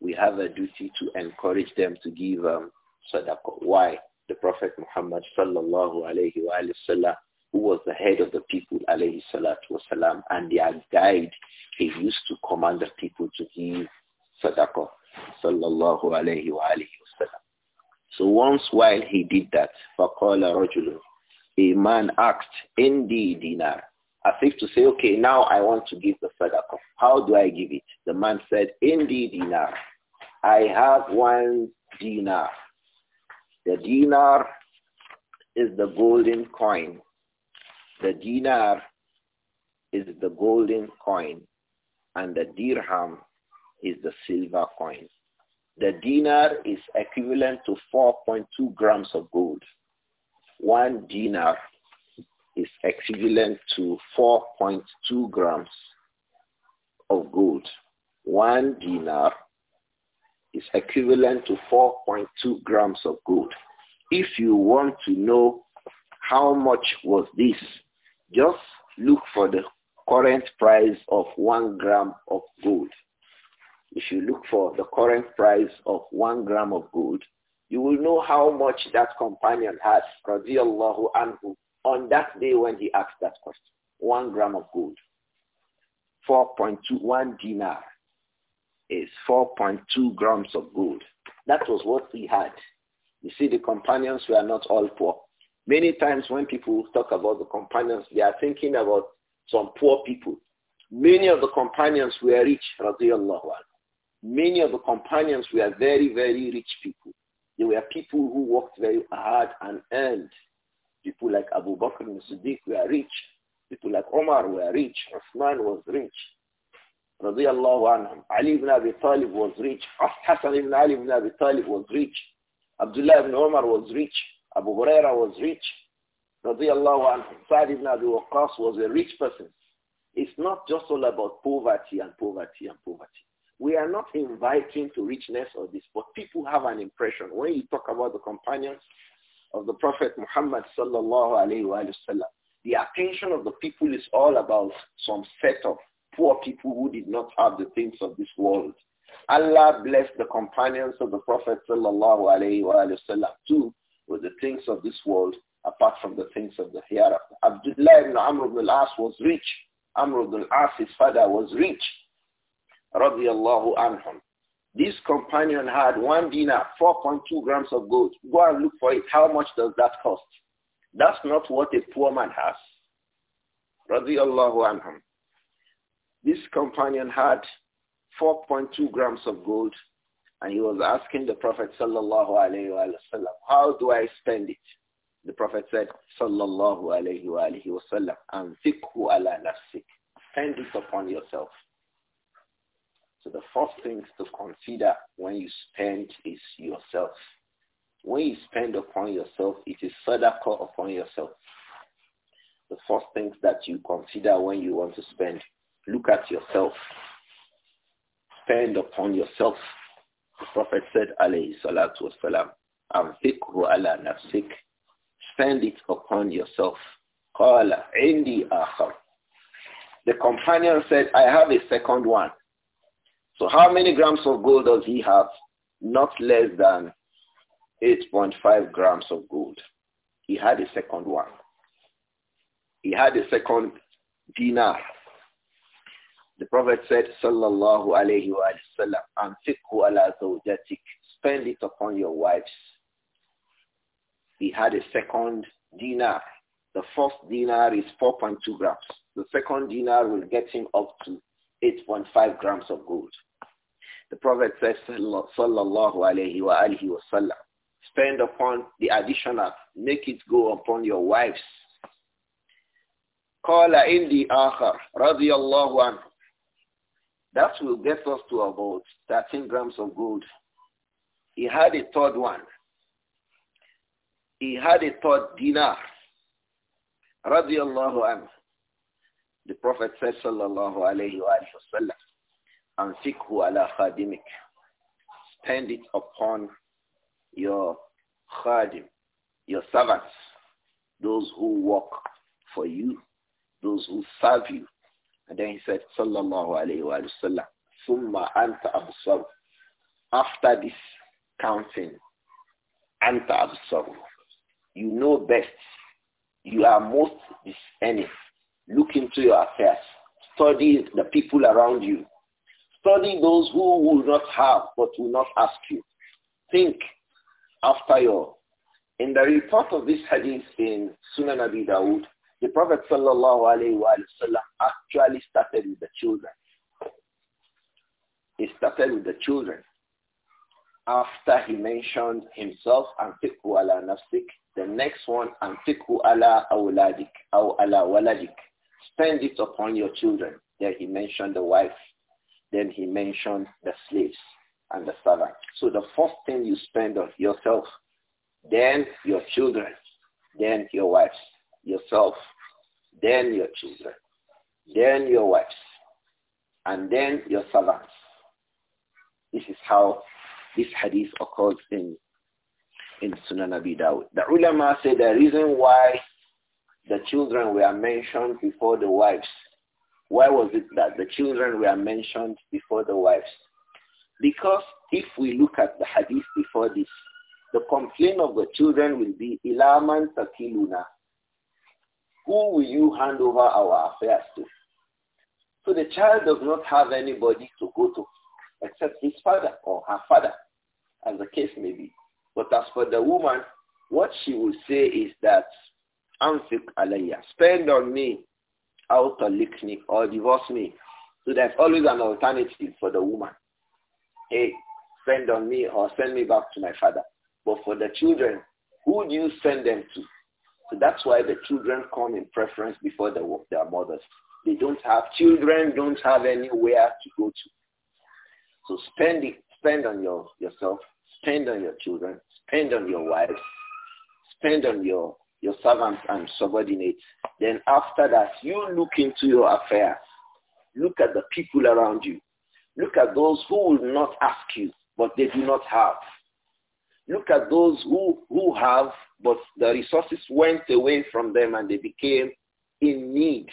we have a duty to encourage them to give um, sadaqah. Why? The Prophet Muhammad sallallahu alayhi wa sallam who was the head of the people, alayhi salatu wasalam, and their guide. He used to command the people to give sadaqah, sallallahu alayhi wa alayhi wasalam. So once while he did that, A man asked, "Indeed dinar, as if to say, okay, now I want to give the sadaqah. How do I give it? The man said, "Indeed, dinar. I have one dinar. The dinar is the golden coin the dinar is the golden coin and the dirham is the silver coin. The dinar is equivalent to 4.2 grams of gold. One dinar is equivalent to 4.2 grams of gold. One dinar is equivalent to 4.2 grams of gold. If you want to know how much was this just look for the current price of one gram of gold. If you look for the current price of one gram of gold, you will know how much that companion had, radiallahu anhu, on that day when he asked that question. One gram of gold. 4.21 dinar is 4.2 grams of gold. That was what he had. You see, the companions were not all poor. Many times when people talk about the companions, they are thinking about some poor people. Many of the companions were rich, radiallahu Many of the companions were very, very rich people. They were people who worked very hard and earned. People like Abu Bakr and Siddiq were rich. People like Omar were rich. Uthman was rich. Radiallahu anhum. Ali ibn Abi Talib was rich. Hassan ibn Ali ibn Abi Talib was rich. Abdullah ibn Omar was rich. Abu Huraira was rich. Radiallahu anhu. Sa'd ibn Abi Waqqas was a rich person. It's not just all about poverty and poverty and poverty. We are not inviting to richness or this, but people have an impression. When you talk about the companions of the Prophet Muhammad sallallahu alayhi wa sallam, the attention of the people is all about some set of poor people who did not have the things of this world. Allah blessed the companions of the Prophet sallallahu alayhi wa sallam too with the things of this world apart from the things of the hereafter. Abdullah ibn Amr ibn al-As was rich. Amr ibn al-As, his father, was rich. Radiallahu anhum. This companion had one dinar, 4.2 grams of gold. Go and look for it. How much does that cost? That's not what a poor man has. Radiallahu anhum. This companion had 4.2 grams of gold and he was asking the Prophet sallallahu alayhi wa sallam, how do I spend it? The Prophet said, sallallahu alayhi wa sallam, anfikhu ala nafsik. Spend it upon yourself. So the first things to consider when you spend is yourself. When you spend upon yourself, it is sadaqah upon yourself. The first things that you consider when you want to spend, look at yourself. Spend upon yourself the Prophet said, alayhi salatu wasalam, anfikru ala nafsik, spend it upon yourself. Qala indi akhar. The companion said, I have a second one. So how many grams of gold does he have? Not less than 8.5 grams of gold. He had a second one. He had a second dinar the Prophet said, Sallallahu alayhi wa sallam, Anfiqhu ala zawjatik. Spend it upon your wives. He had a second dinar. The first dinar is 4.2 grams. The second dinar will get him up to 8.5 grams of gold. The Prophet says, Sallallahu alayhi wa alihi wa sallam, spend upon the additional, make it go upon your wives. قال عندي آخر رضي الله عنه that will get us to about 13 grams of gold. He had a third one. He had a third dinar. Radiallahu anhu. The Prophet said, sallallahu alayhi wa sallam, anfikhu ala khadimik. Spend it upon your khadim, your servants, those who work for you, those who serve you, and then he said, Sallallahu alaihi wasallam." Summa anta absar. After this counting, anta absar. You know best. You are most discerning. Look into your affairs. Study the people around you. Study those who will not have but will not ask you. Think after your. In the report of this hadith in Sunan Abi Dawud, the Prophet sallallahu actually started with the children. He started with the children. After he mentioned himself and fiqhu ala nafsik, the next one and ala awladik aw ala waladik. Spend it upon your children. Then he mentioned the wife. Then he mentioned the slaves and the servants. So the first thing you spend on yourself, then your children, then your wives, yourself, then your children, then your wives, and then your servants. This is how this hadith occurs in in Sunan Abi Dawud. The ulama say the reason why the children were mentioned before the wives. Why was it that the children were mentioned before the wives? Because if we look at the hadith before this, the complaint of the children will be ilaman takiluna who will you hand over our affairs to? So the child does not have anybody to go to except his father or her father, as the case may be. But as for the woman, what she will say is that, Anfik alayya, spend on me, out me, or divorce me. So there's always an alternative for the woman. Hey, spend on me or send me back to my father. But for the children, who do you send them to? So that's why the children come in preference before the, their mothers. They don't have, children don't have anywhere to go to. So spend, it, spend on your, yourself, spend on your children, spend on your wife, spend on your, your servants and subordinates. Then after that, you look into your affairs. Look at the people around you. Look at those who will not ask you, but they do not have. Look at those who, who have, but the resources went away from them and they became in need.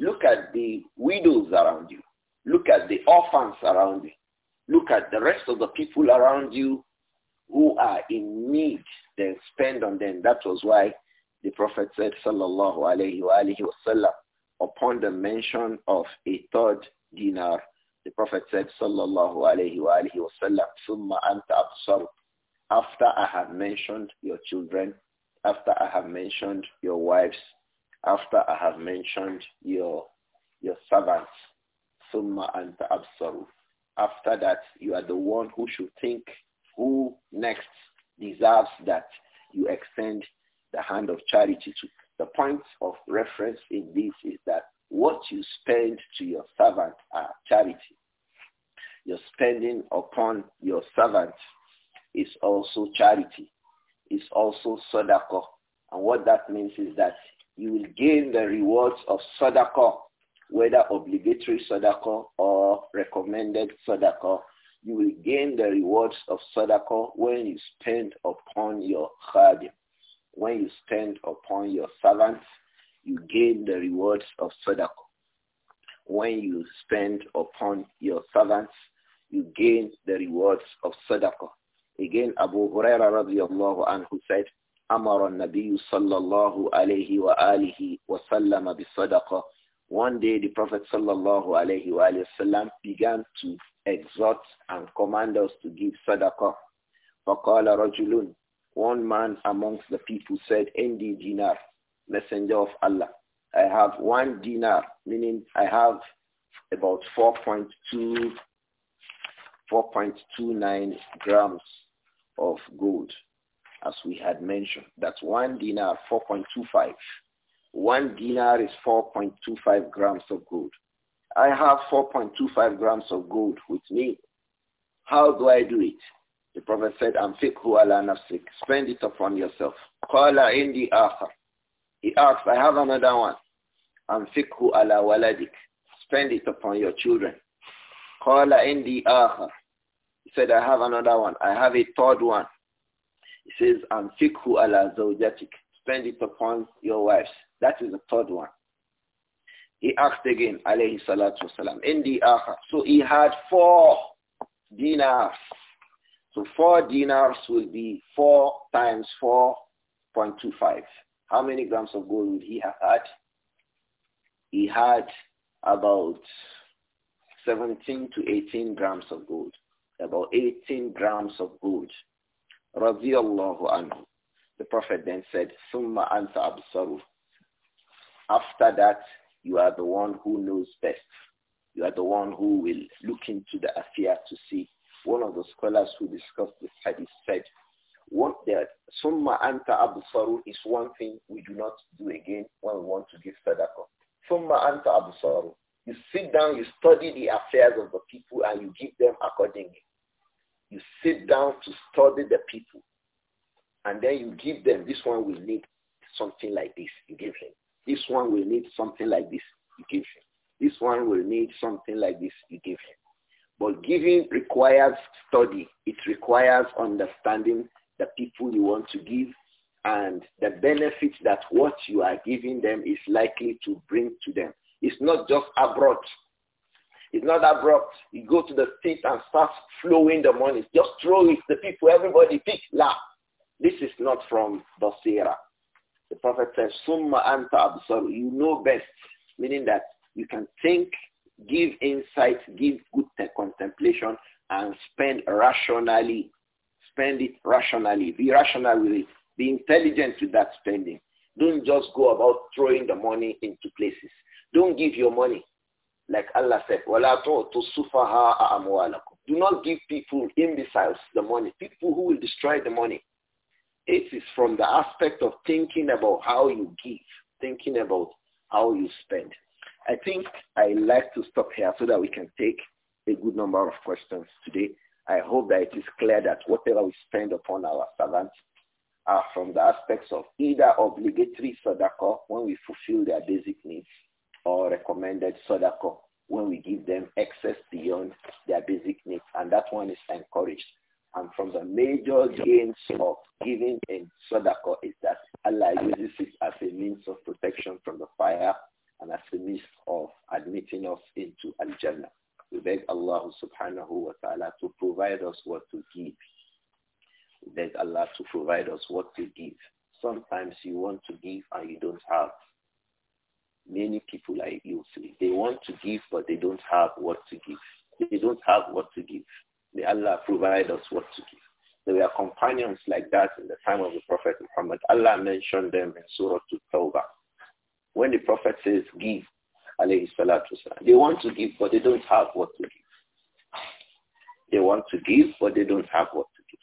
Look at the widows around you. Look at the orphans around you. Look at the rest of the people around you who are in need. Then spend on them. That was why the Prophet said, Sallallahu Alaihi Wasallam, upon the mention of a third dinar, the Prophet said, Sallallahu Alaihi Wasallam, Summa anta absart after I have mentioned your children, after I have mentioned your wives, after I have mentioned your your servants, summa and Absol, After that, you are the one who should think who next deserves that you extend the hand of charity to. The point of reference in this is that what you spend to your servant are charity. You're spending upon your servant is also charity, is also sadaqah. And what that means is that you will gain the rewards of sadaqah, whether obligatory sadaqah or recommended sadaqah. You will gain the rewards of sadaqah when you spend upon your khadim. When you spend upon your servants, you gain the rewards of sadaqah. When you spend upon your servants, you gain the rewards of sadaqah. Again, Abu Huraira radiallahu anhu said, أمر النبي صلى الله عليه وآله وسلم بالصدقة. One day the Prophet صلى الله عليه وآله وسلم began to exhort and command us to give sadaqah. فقال رجل One man amongst the people said, Indi dinar, messenger of Allah. I have one dinar, meaning I have about 4.2, 4.29 grams of gold, as we had mentioned. That's one dinar, 4.25. One dinar is 4.25 grams of gold. I have 4.25 grams of gold with me. How do I do it? The Prophet said, Amfikhu ala nafsik. Spend it upon yourself. Qala indi akhar. He asked, I have another one. Amfikhu ala waladik. Spend it upon your children. Qala indi akhar. He said, I have another one. I have a third one. He says, and fikhu ala zawjatik. Spend it upon your wives. That is the third one. He asked again, alayhi salatu wasalam, in the akhar. So he had four dinars. So four dinars will be four times 4.25. How many grams of gold would he have had? He had about 17 to 18 grams of gold about 18 grams of gold. Radiallahu anhu. The Prophet then said, Summa anta absaru. After that, you are the one who knows best. You are the one who will look into the affair to see. One of the scholars who discussed this hadith said, one, summa anta absaru is one thing we do not do again when we want to give sadaqah. Summa anta absaru. You sit down, you study the affairs of the people, and you give them accordingly. You sit down to study the people. And then you give them, this one will need something like this. You give him. This one will need something like this. You give him. This one will need something like this. You give him. But giving requires study. It requires understanding the people you want to give and the benefits that what you are giving them is likely to bring to them. It's not just abroad it's not abrupt. You go to the state and start flowing the money. Just throw it. The people, everybody pick, laugh. This is not from Basira. The Prophet says, Summa anta absar. You know best. Meaning that you can think, give insight, give good contemplation, and spend rationally. Spend it rationally. Be rational with it. Be intelligent with that spending. Don't just go about throwing the money into places. Don't give your money. Like Allah said, وَلَا to sufaha amwalakum." Do not give people imbeciles the money, people who will destroy the money. It is from the aspect of thinking about how you give, thinking about how you spend. I think I like to stop here so that we can take a good number of questions today. I hope that it is clear that whatever we spend upon our servants are from the aspects of either obligatory sadaqah when we fulfill their basic needs or recommended sadaqah when we give them excess beyond their basic needs. And that one is encouraged. And from the major gains of giving in sadaqah is that Allah uses it as a means of protection from the fire and as a means of admitting us into Al-Jannah. We beg Allah subhanahu wa ta'ala to provide us what to give. We beg Allah to provide us what to give. Sometimes you want to give and you don't have. Many people like you, they want to give, but they don't have what to give. They don't have what to give. May Allah provide us what to give. There were companions like that in the time of the Prophet Muhammad. Allah mentioned them in Surah Tawbah. When the Prophet says, give, alayhi salatu they want to give, but they don't have what to give. They want to give, but they don't have what to give.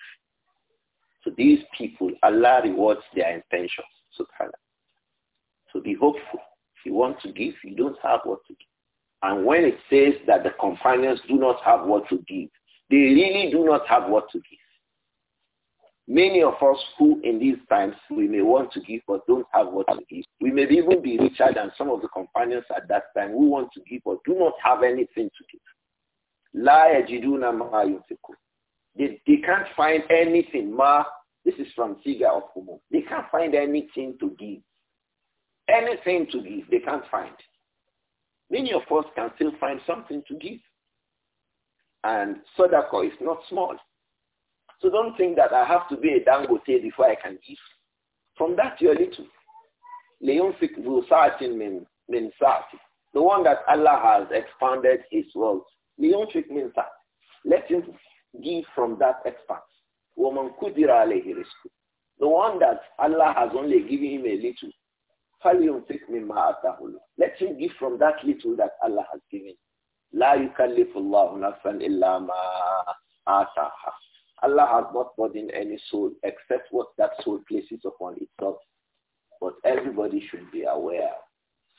So these people, Allah rewards their intentions, subhanAllah. So be hopeful. You want to give, you don't have what to give. And when it says that the companions do not have what to give, they really do not have what to give. Many of us who in these times we may want to give but don't have what to give. We may even be richer than some of the companions at that time who want to give but do not have anything to give. they, they can't find anything. Ma, this is from Siga of Kumo. They can't find anything to give anything to give, they can't find. Many of us can still find something to give. And Sodako is not small. So don't think that I have to be a Dangote before I can give. From that you're little. Leonfik Vusatin min, min Sati. The one that Allah has expanded his world. Leonfik min Sati. Let him give from that expanse. Woman Kudira The one that Allah has only given him a little let him give from that little that Allah has given. La yukallifullahu nafsan illa ma ataha. Allah has not burdened any soul except what that soul places upon itself. But everybody should be aware.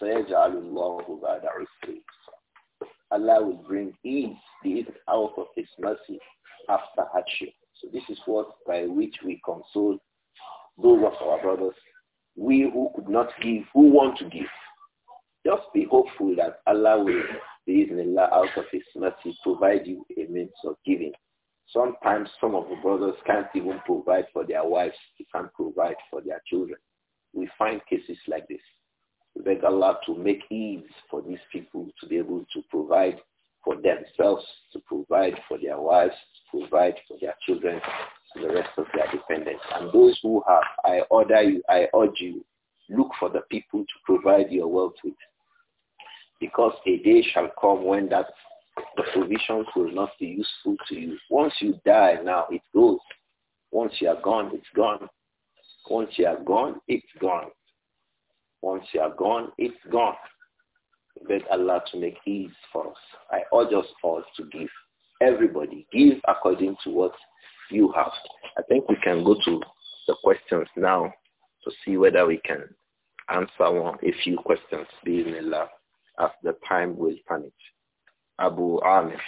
Sayajalullahu ba'da usri. Allah will bring ease, ease out of his mercy after hardship. So this is what by which we console those of our brothers we who could not give, who want to give. Just be hopeful that Allah will, Allah out of his mercy, provide you a means of giving. Sometimes some of the brothers can't even provide for their wives. They can't provide for their children. We find cases like this. We beg Allah to make ease for these people to be able to provide for themselves, to provide for their wives, provide for their children and the rest of their dependents. And those who have, I order you, I urge you, look for the people to provide your wealth with. Because a day shall come when that the provisions will not be useful to you. Once you die now, it goes. Once you are gone, it's gone. Once you are gone, it's gone. Once you are gone, it's gone. Beg Allah to make ease for us. I urge us all to give everybody. Give according to what you have. I think we can go to the questions now to see whether we can answer one, a few questions, Bismillah, as the time will permit. Abu Amir.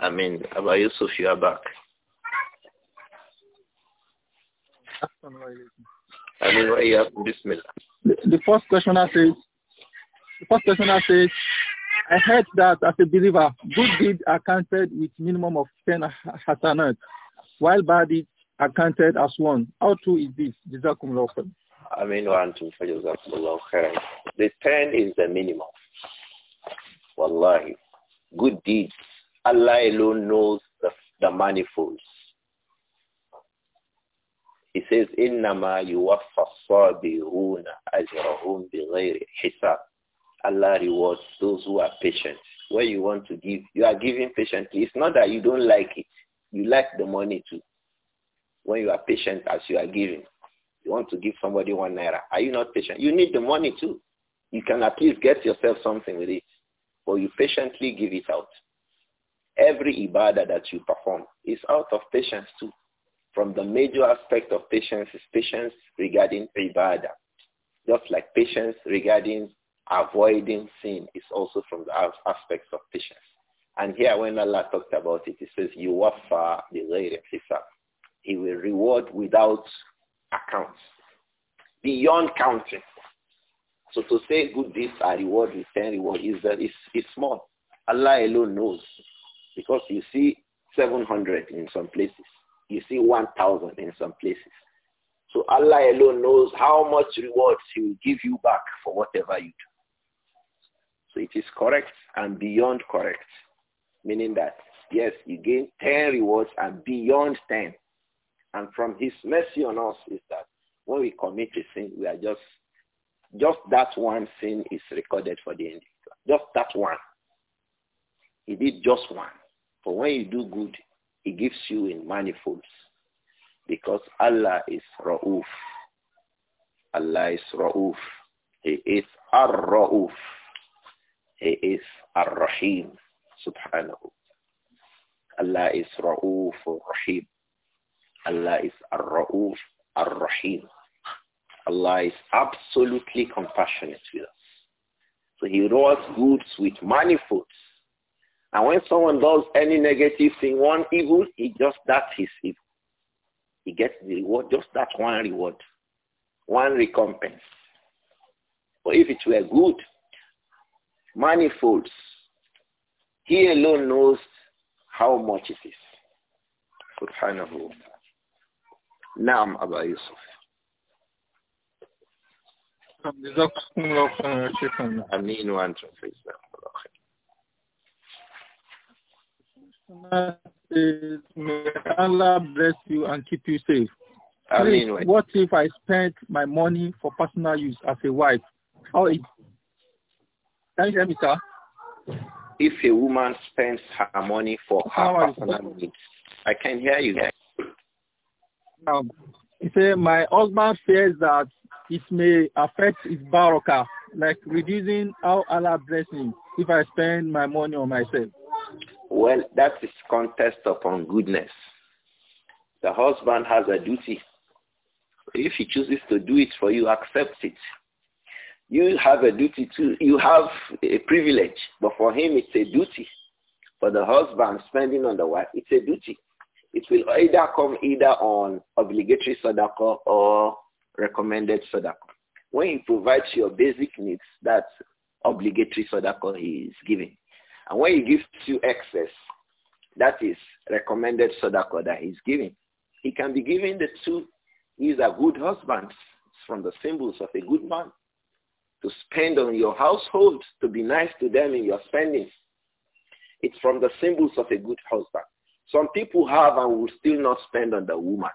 I mean, Abu Yusuf, you are back. I mean, Bismillah. The, first first questioner says, the first questioner says, I heard that as a believer, good deeds are counted with minimum of 10 hasanat, while bad deeds are counted as one. How true is this? Jazakumullah khair. I mean, one, two, three, Jazakumullah khair. The 10 is the minimum. Wallahi. Good deeds. Allah alone knows the, the manifolds. He says, إِنَّمَا يُوَفَّ الصَّابِرُونَ أَجْرَهُمْ بِغَيْرِ حِسَابٍ Allah rewards those who are patient. When you want to give, you are giving patiently. It's not that you don't like it. You like the money too. When you are patient as you are giving, you want to give somebody one naira. Are you not patient? You need the money too. You can at least get yourself something with it. But you patiently give it out. Every ibadah that you perform is out of patience too. From the major aspect of patience is patience regarding ibadah. Just like patience regarding avoiding sin is also from the aspects of patience. And here when Allah talked about it, he says, "You the bighayri hisab. He will reward without accounts, beyond counting. So to say good deeds are rewarded, ten reward is that it's, it's small. Allah alone knows. Because you see 700 in some places. You see 1,000 in some places. So Allah alone knows how much rewards he will give you back for whatever you do. So it is correct and beyond correct, meaning that, yes, you gain 10 rewards and beyond 10. And from his mercy on us is that when we commit a sin, we are just, just that one sin is recorded for the individual. Just that one. He did just one. For when you do good, he gives you in manifolds because Allah is Ra'uf. Allah is Ra'uf. He is Ar-Ra'uf. He is Ar-Rahim. Subhanahu. Allah is Ra'uf Rahim. Allah is Ar-Ra'uf Ar-Rahim. Allah is absolutely compassionate with us. So he rewards goods with manifolds. And when someone does any negative thing, one evil, he just that his evil. He gets the reward, just that one reward, one recompense. But if it were good, manifolds, he alone knows how much it is. Subhanahu wa ta'ala. Naam, Abba Yusuf. Um, is may Allah bless you and keep you safe. I mean, like, what if I spent my money for personal use as a wife? How it? Can you hear me, sir? If a woman spends her money for her personal needs, I can hear you. Um, my husband fears that it may affect his baraka, like reducing our Allah bless if I spend my money on myself. Well, that is contest upon goodness. The husband has a duty. If he chooses to do it for you, accept it. You have a duty too. You have a privilege, but for him it's a duty. For the husband spending on the wife, it's a duty. It will either come either on obligatory sadaqah or recommended sadaqah. When he provides your basic needs, that's obligatory sadaqah he is giving. And when he gives you excess, that is recommended sadaqah that he's giving. He can be giving the two. He's a good husband. It's from the symbols of a good man. To spend on your household, to be nice to them in your spending. It's from the symbols of a good husband. Some people have and will still not spend on the woman.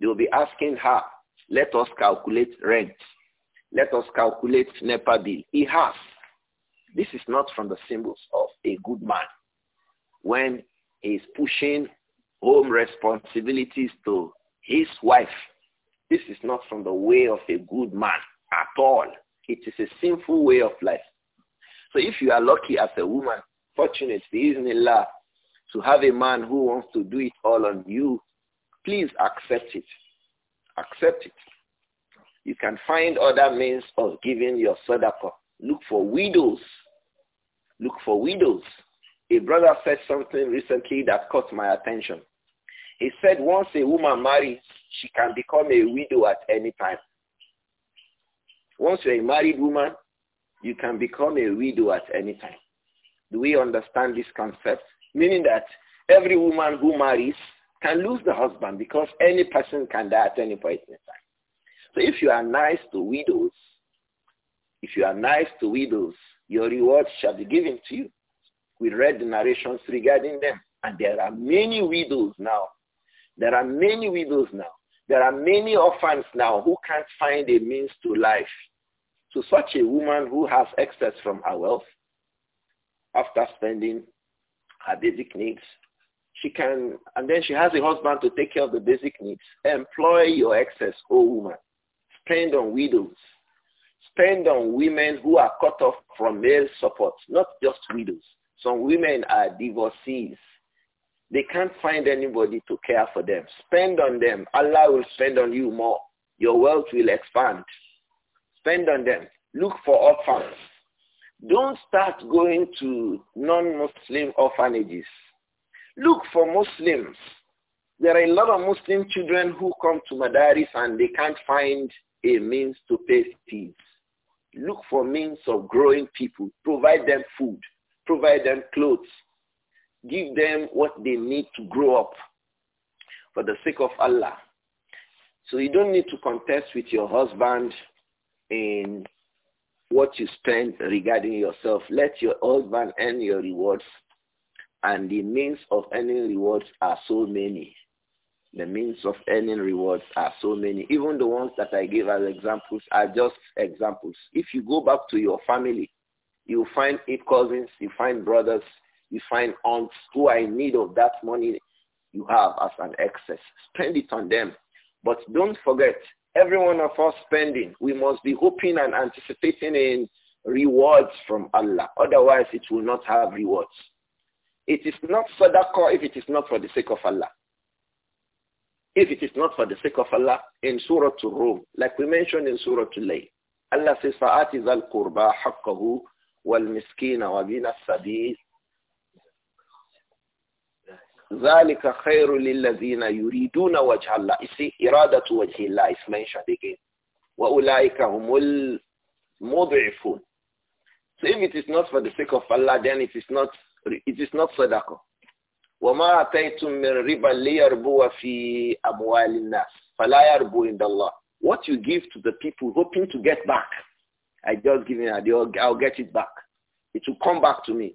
They will be asking her, let us calculate rent. Let us calculate NEPA bill. He has. This is not from the symbols of a good man. When he is pushing home responsibilities to his wife, this is not from the way of a good man at all. It is a sinful way of life. So if you are lucky as a woman, fortunate, Allah, to have a man who wants to do it all on you, please accept it. Accept it. You can find other means of giving your sadaqah. Look for widows Look for widows. A brother said something recently that caught my attention. He said once a woman marries, she can become a widow at any time. Once you're a married woman, you can become a widow at any time. Do we understand this concept? Meaning that every woman who marries can lose the husband because any person can die at any point in time. So if you are nice to widows, if you are nice to widows, your rewards shall be given to you. We read the narrations regarding them. And there are many widows now. There are many widows now. There are many orphans now who can't find a means to life. So such a woman who has excess from her wealth, after spending her basic needs, she can, and then she has a husband to take care of the basic needs. Employ your excess, O oh woman. Spend on widows spend on women who are cut off from male support, not just widows. Some women are divorcees. They can't find anybody to care for them. Spend on them. Allah will spend on you more. Your wealth will expand. Spend on them. Look for orphans. Don't start going to non-Muslim orphanages. Look for Muslims. There are a lot of Muslim children who come to Madaris and they can't find a means to pay fees. Look for means of growing people. Provide them food. Provide them clothes. Give them what they need to grow up for the sake of Allah. So you don't need to contest with your husband in what you spend regarding yourself. Let your husband earn your rewards and the means of earning rewards are so many. The means of earning rewards are so many. Even the ones that I gave as examples are just examples. If you go back to your family, you find eight cousins, you find brothers, you find aunts who are in need of that money you have as an excess. Spend it on them. But don't forget, every one of us spending, we must be hoping and anticipating in rewards from Allah. Otherwise, it will not have rewards. It is not sadaqah if it is not for the sake of Allah. If it is not for the sake of Allah, in Surah to like we mentioned in Surah to Lay, Allah says, فَآتِ ذَا الْقُرْبَى حَقَّهُ وَالْمِسْكِينَ وَبِنَ السَّبِيلِ ذَلِكَ خَيْرٌ لِلَّذِينَ يُرِيدُونَ وَجْهَ اللَّهِ see, إِرَادَةُ وَجْهِ اللَّهِ is mentioned again. وَأُولَٰئِكَ هُمُ الْمُضْعِفُونَ So if it is not for the sake of Allah, then it is not, it is not sadaqah. وَمَا أَتَيْتُم مِّن رِبًا لِيَرْبُوَ فِي أَمْوَالِ النَّاسِ فَلَا يَرْبُو عِندَ اللَّهِ What you give to the people hoping to get back, I just give it, I'll get it back. It will come back to me.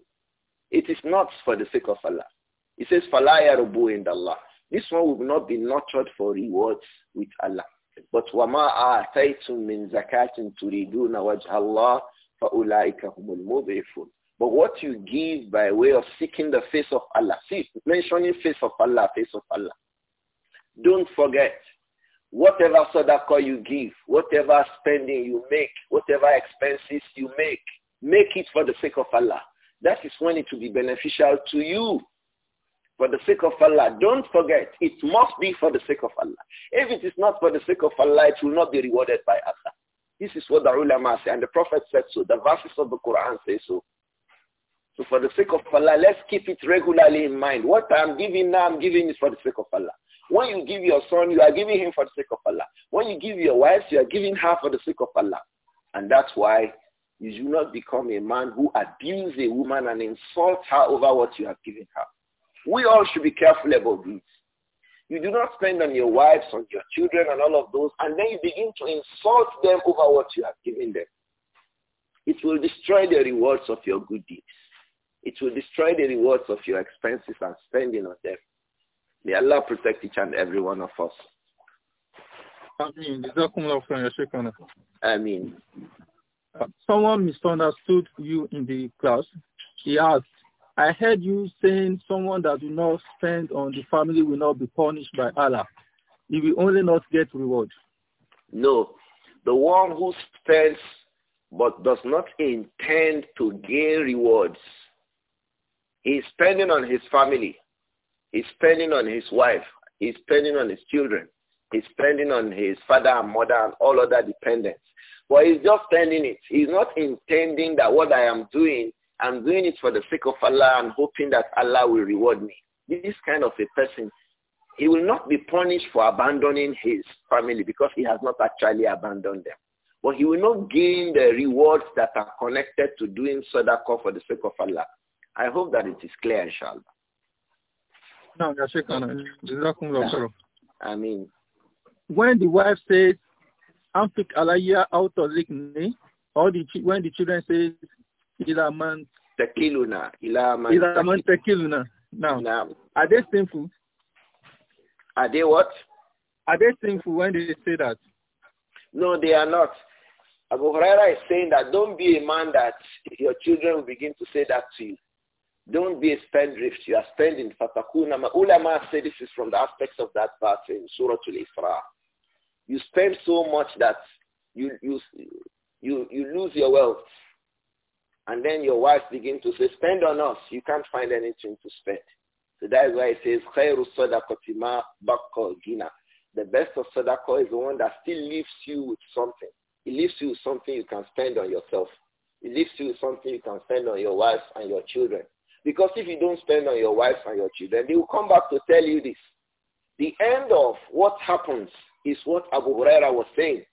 It is not for the sake of Allah. It says, فَلَا يَرْبُو عِندَ اللَّهِ This one will not be nurtured for rewards with Allah. But وَمَا آتَيْتُم مِّن زَكَاةٍ تُرِيدُونَ وَجْهَ اللَّهِ فَأُولَٰئِكَ هُمُ الْمُضْعِفُونَ but what you give by way of seeking the face of Allah, see, mentioning face of Allah, face of Allah. Don't forget, whatever sadaqah you give, whatever spending you make, whatever expenses you make, make it for the sake of Allah. That is when it will be beneficial to you. For the sake of Allah, don't forget, it must be for the sake of Allah. If it is not for the sake of Allah, it will not be rewarded by Allah. This is what the ulama say, and the Prophet said so. The verses of the Quran say so. So for the sake of Allah, let's keep it regularly in mind. What I'm giving now, I'm giving is for the sake of Allah. When you give your son, you are giving him for the sake of Allah. When you give your wife, you are giving her for the sake of Allah. And that's why you do not become a man who abuses a woman and insults her over what you have given her. We all should be careful about this. You do not spend on your wives, on your children, and all of those, and then you begin to insult them over what you have given them. It will destroy the rewards of your good deeds. It will destroy the rewards of your expenses and spending on them. May Allah protect each and every one of us. I mean, uh, someone misunderstood you in the class. He asked, I heard you saying someone that will not spend on the family will not be punished by Allah. He will only not get reward. No. The one who spends but does not intend to gain rewards He's spending on his family. He's spending on his wife. He's spending on his children. He's spending on his father and mother and all other dependents. But he's just spending it. He's not intending that what I am doing, I'm doing it for the sake of Allah and hoping that Allah will reward me. This kind of a person, he will not be punished for abandoning his family because he has not actually abandoned them. But he will not gain the rewards that are connected to doing sadaqah for the sake of Allah. I hope that it is clear, inshallah. No, yes, no. I mean, when the wife says, "I "Amfik alaya out of likni," or the when the children say, man tekiluna," ila man tekiluna," now, now, are they sinful? Are they what? Are they sinful when they say that? No, they are not. Abu Huraira is saying that don't be a man that your children will begin to say that to you. Don't be a spendthrift. You are spending. Fatakuna Ulama say this is from the aspects of that verse in Surah Al-Isra. You spend so much that you, you, you, you lose your wealth. And then your wife begins to say, spend on us. You can't find anything to spend. So that is why it says, خَيْرُ الصَّدَقَةِ The best of sadaqah is the one that still leaves you with something. It leaves you with something you can spend on yourself. It leaves you with something you can spend on your wife and your children. Because if you don't spend on your wife and your children, they will come back to tell you this. The end of what happens is what Abu Huraira was saying.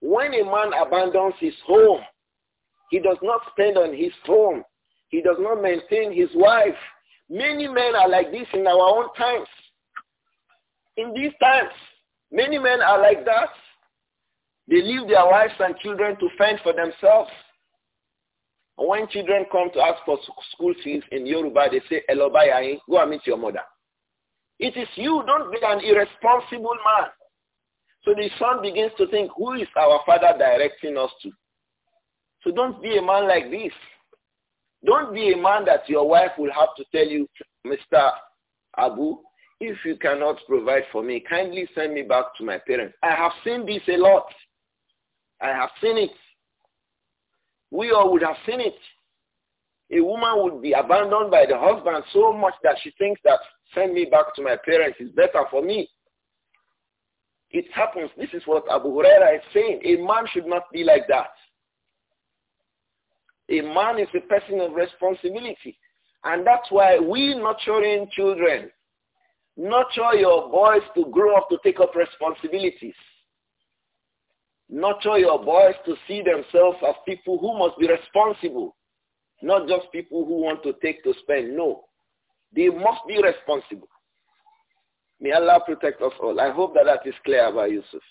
When a man abandons his home, he does not spend on his home. He does not maintain his wife. Many men are like this in our own times. In these times, many men are like that. They leave their wives and children to fend for themselves. When children come to ask for school fees in Yoruba, they say, Elobayayin, go and meet your mother. It is you. Don't be an irresponsible man. So the son begins to think, who is our father directing us to? So don't be a man like this. Don't be a man that your wife will have to tell you, Mr. Abu, if you cannot provide for me, kindly send me back to my parents. I have seen this a lot. I have seen it. We all would have seen it. A woman would be abandoned by the husband so much that she thinks that send me back to my parents is better for me. It happens. This is what Abu Huraira is saying. A man should not be like that. A man is a person of responsibility. And that's why we nurturing children, nurture your boys to grow up to take up responsibilities. Nurture your boys to see themselves as people who must be responsible, not just people who want to take to spend. No, they must be responsible. May Allah protect us all. I hope that that is clear about Yusuf.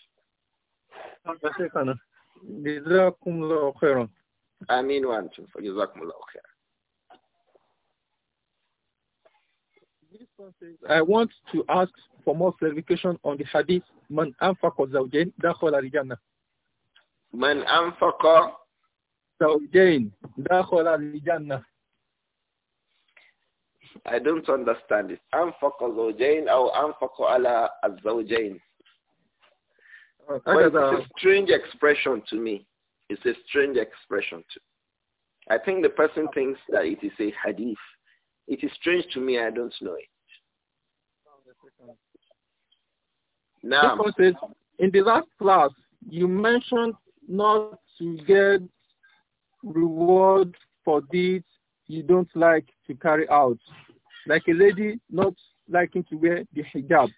I mean one thing for Jazakumullah I want to ask for more clarification on the hadith, man anfaqa zawjayn dakhala al-jannah. من أنفق زوجين دخل الجنة I don't understand it. أنفق زوجين أو أنفق على الزوجين. But it's a strange expression to me. It's a strange expression to me. I think the person thinks that it is a hadith. It is strange to me. I don't know it. Now, in the last class, you mentioned not to get reward for deeds you don't like to carry out. Like a lady not liking to wear the hijab.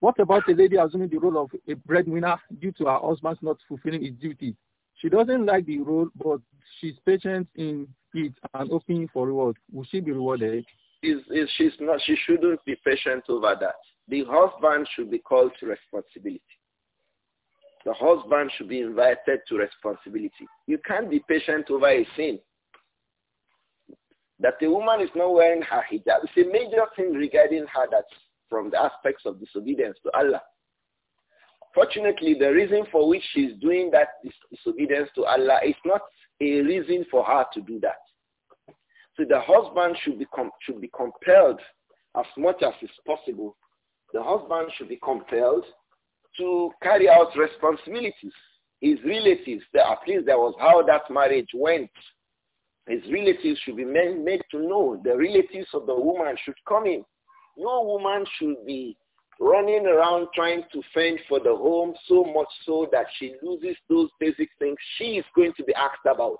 What about a lady assuming the role of a breadwinner due to her husband's not fulfilling his duty? She doesn't like the role, but she's patient in it and hoping for reward. Will she be rewarded? Is, is she's not, she shouldn't be patient over that. The husband should be called to responsibility. The husband should be invited to responsibility. You can't be patient over a sin. That the woman is not wearing her hijab is a major thing regarding her that's from the aspects of disobedience to Allah. Fortunately, the reason for which she's doing that disobedience to Allah is not a reason for her to do that. So the husband should be, should be compelled as much as is possible. The husband should be compelled to carry out responsibilities. His relatives, at least that was how that marriage went. His relatives should be made to know. The relatives of the woman should come in. No woman should be running around trying to fend for the home so much so that she loses those basic things she is going to be asked about.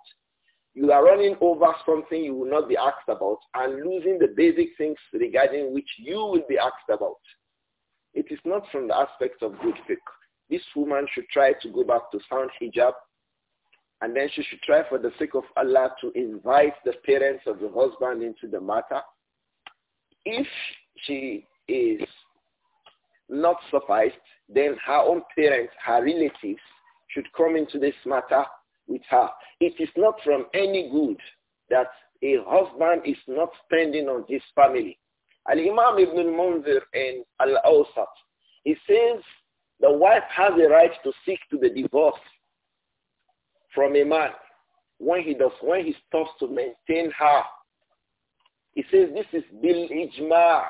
You are running over something you will not be asked about and losing the basic things regarding which you will be asked about. It is not from the aspect of good fiqh. This woman should try to go back to sound hijab and then she should try for the sake of Allah to invite the parents of the husband into the matter. If she is not sufficed, then her own parents, her relatives, should come into this matter with her. It is not from any good that a husband is not spending on his family. Al-Imam Ibn al-Munzir in Al-Awsat, he says the wife has a right to seek to the divorce from a man when he does, when he stops to maintain her. He says this is bil ijma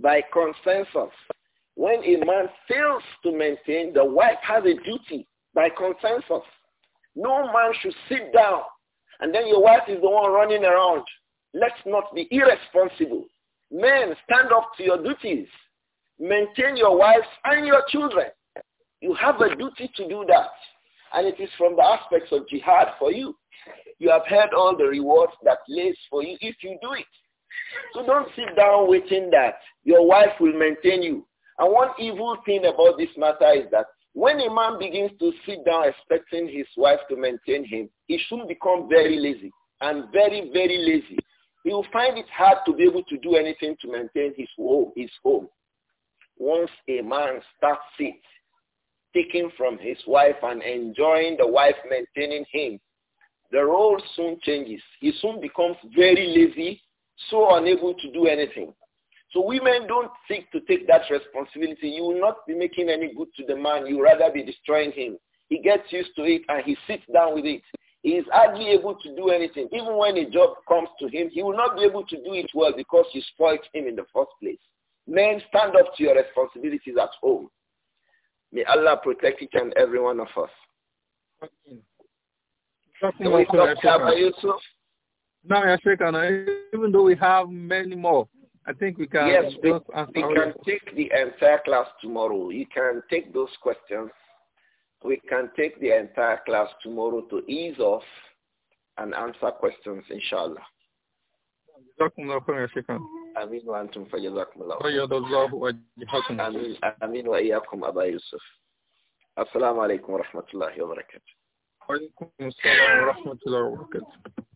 by consensus. When a man fails to maintain, the wife has a duty by consensus. No man should sit down and then your wife is the one running around. Let's not be irresponsible. Men, stand up to your duties. Maintain your wives and your children. You have a duty to do that. And it is from the aspects of jihad for you. You have heard all the rewards that lays for you if you do it. So don't sit down waiting that your wife will maintain you. And one evil thing about this matter is that when a man begins to sit down expecting his wife to maintain him, he soon becomes very lazy and very, very lazy he will find it hard to be able to do anything to maintain his home. His home. Once a man starts it, taking from his wife and enjoying the wife maintaining him, the role soon changes. He soon becomes very lazy, so unable to do anything. So women don't seek to take that responsibility. You will not be making any good to the man. You rather be destroying him. He gets used to it and he sits down with it. He is hardly able to do anything. Even when a job comes to him, he will not be able to do it well because you spoiled him in the first place. Men, stand up to your responsibilities at home. May Allah protect each and every one of us. No, Ashikana, even though we have many more, I think we can. Yes, we, we can take the entire class tomorrow. You can take those questions we can take the entire class tomorrow to ease off and answer questions, inshallah. Amin wa antum Aba Yusuf. Assalamu wa rahmatullahi wa barakatuh. Wa alaikum wa rahmatullahi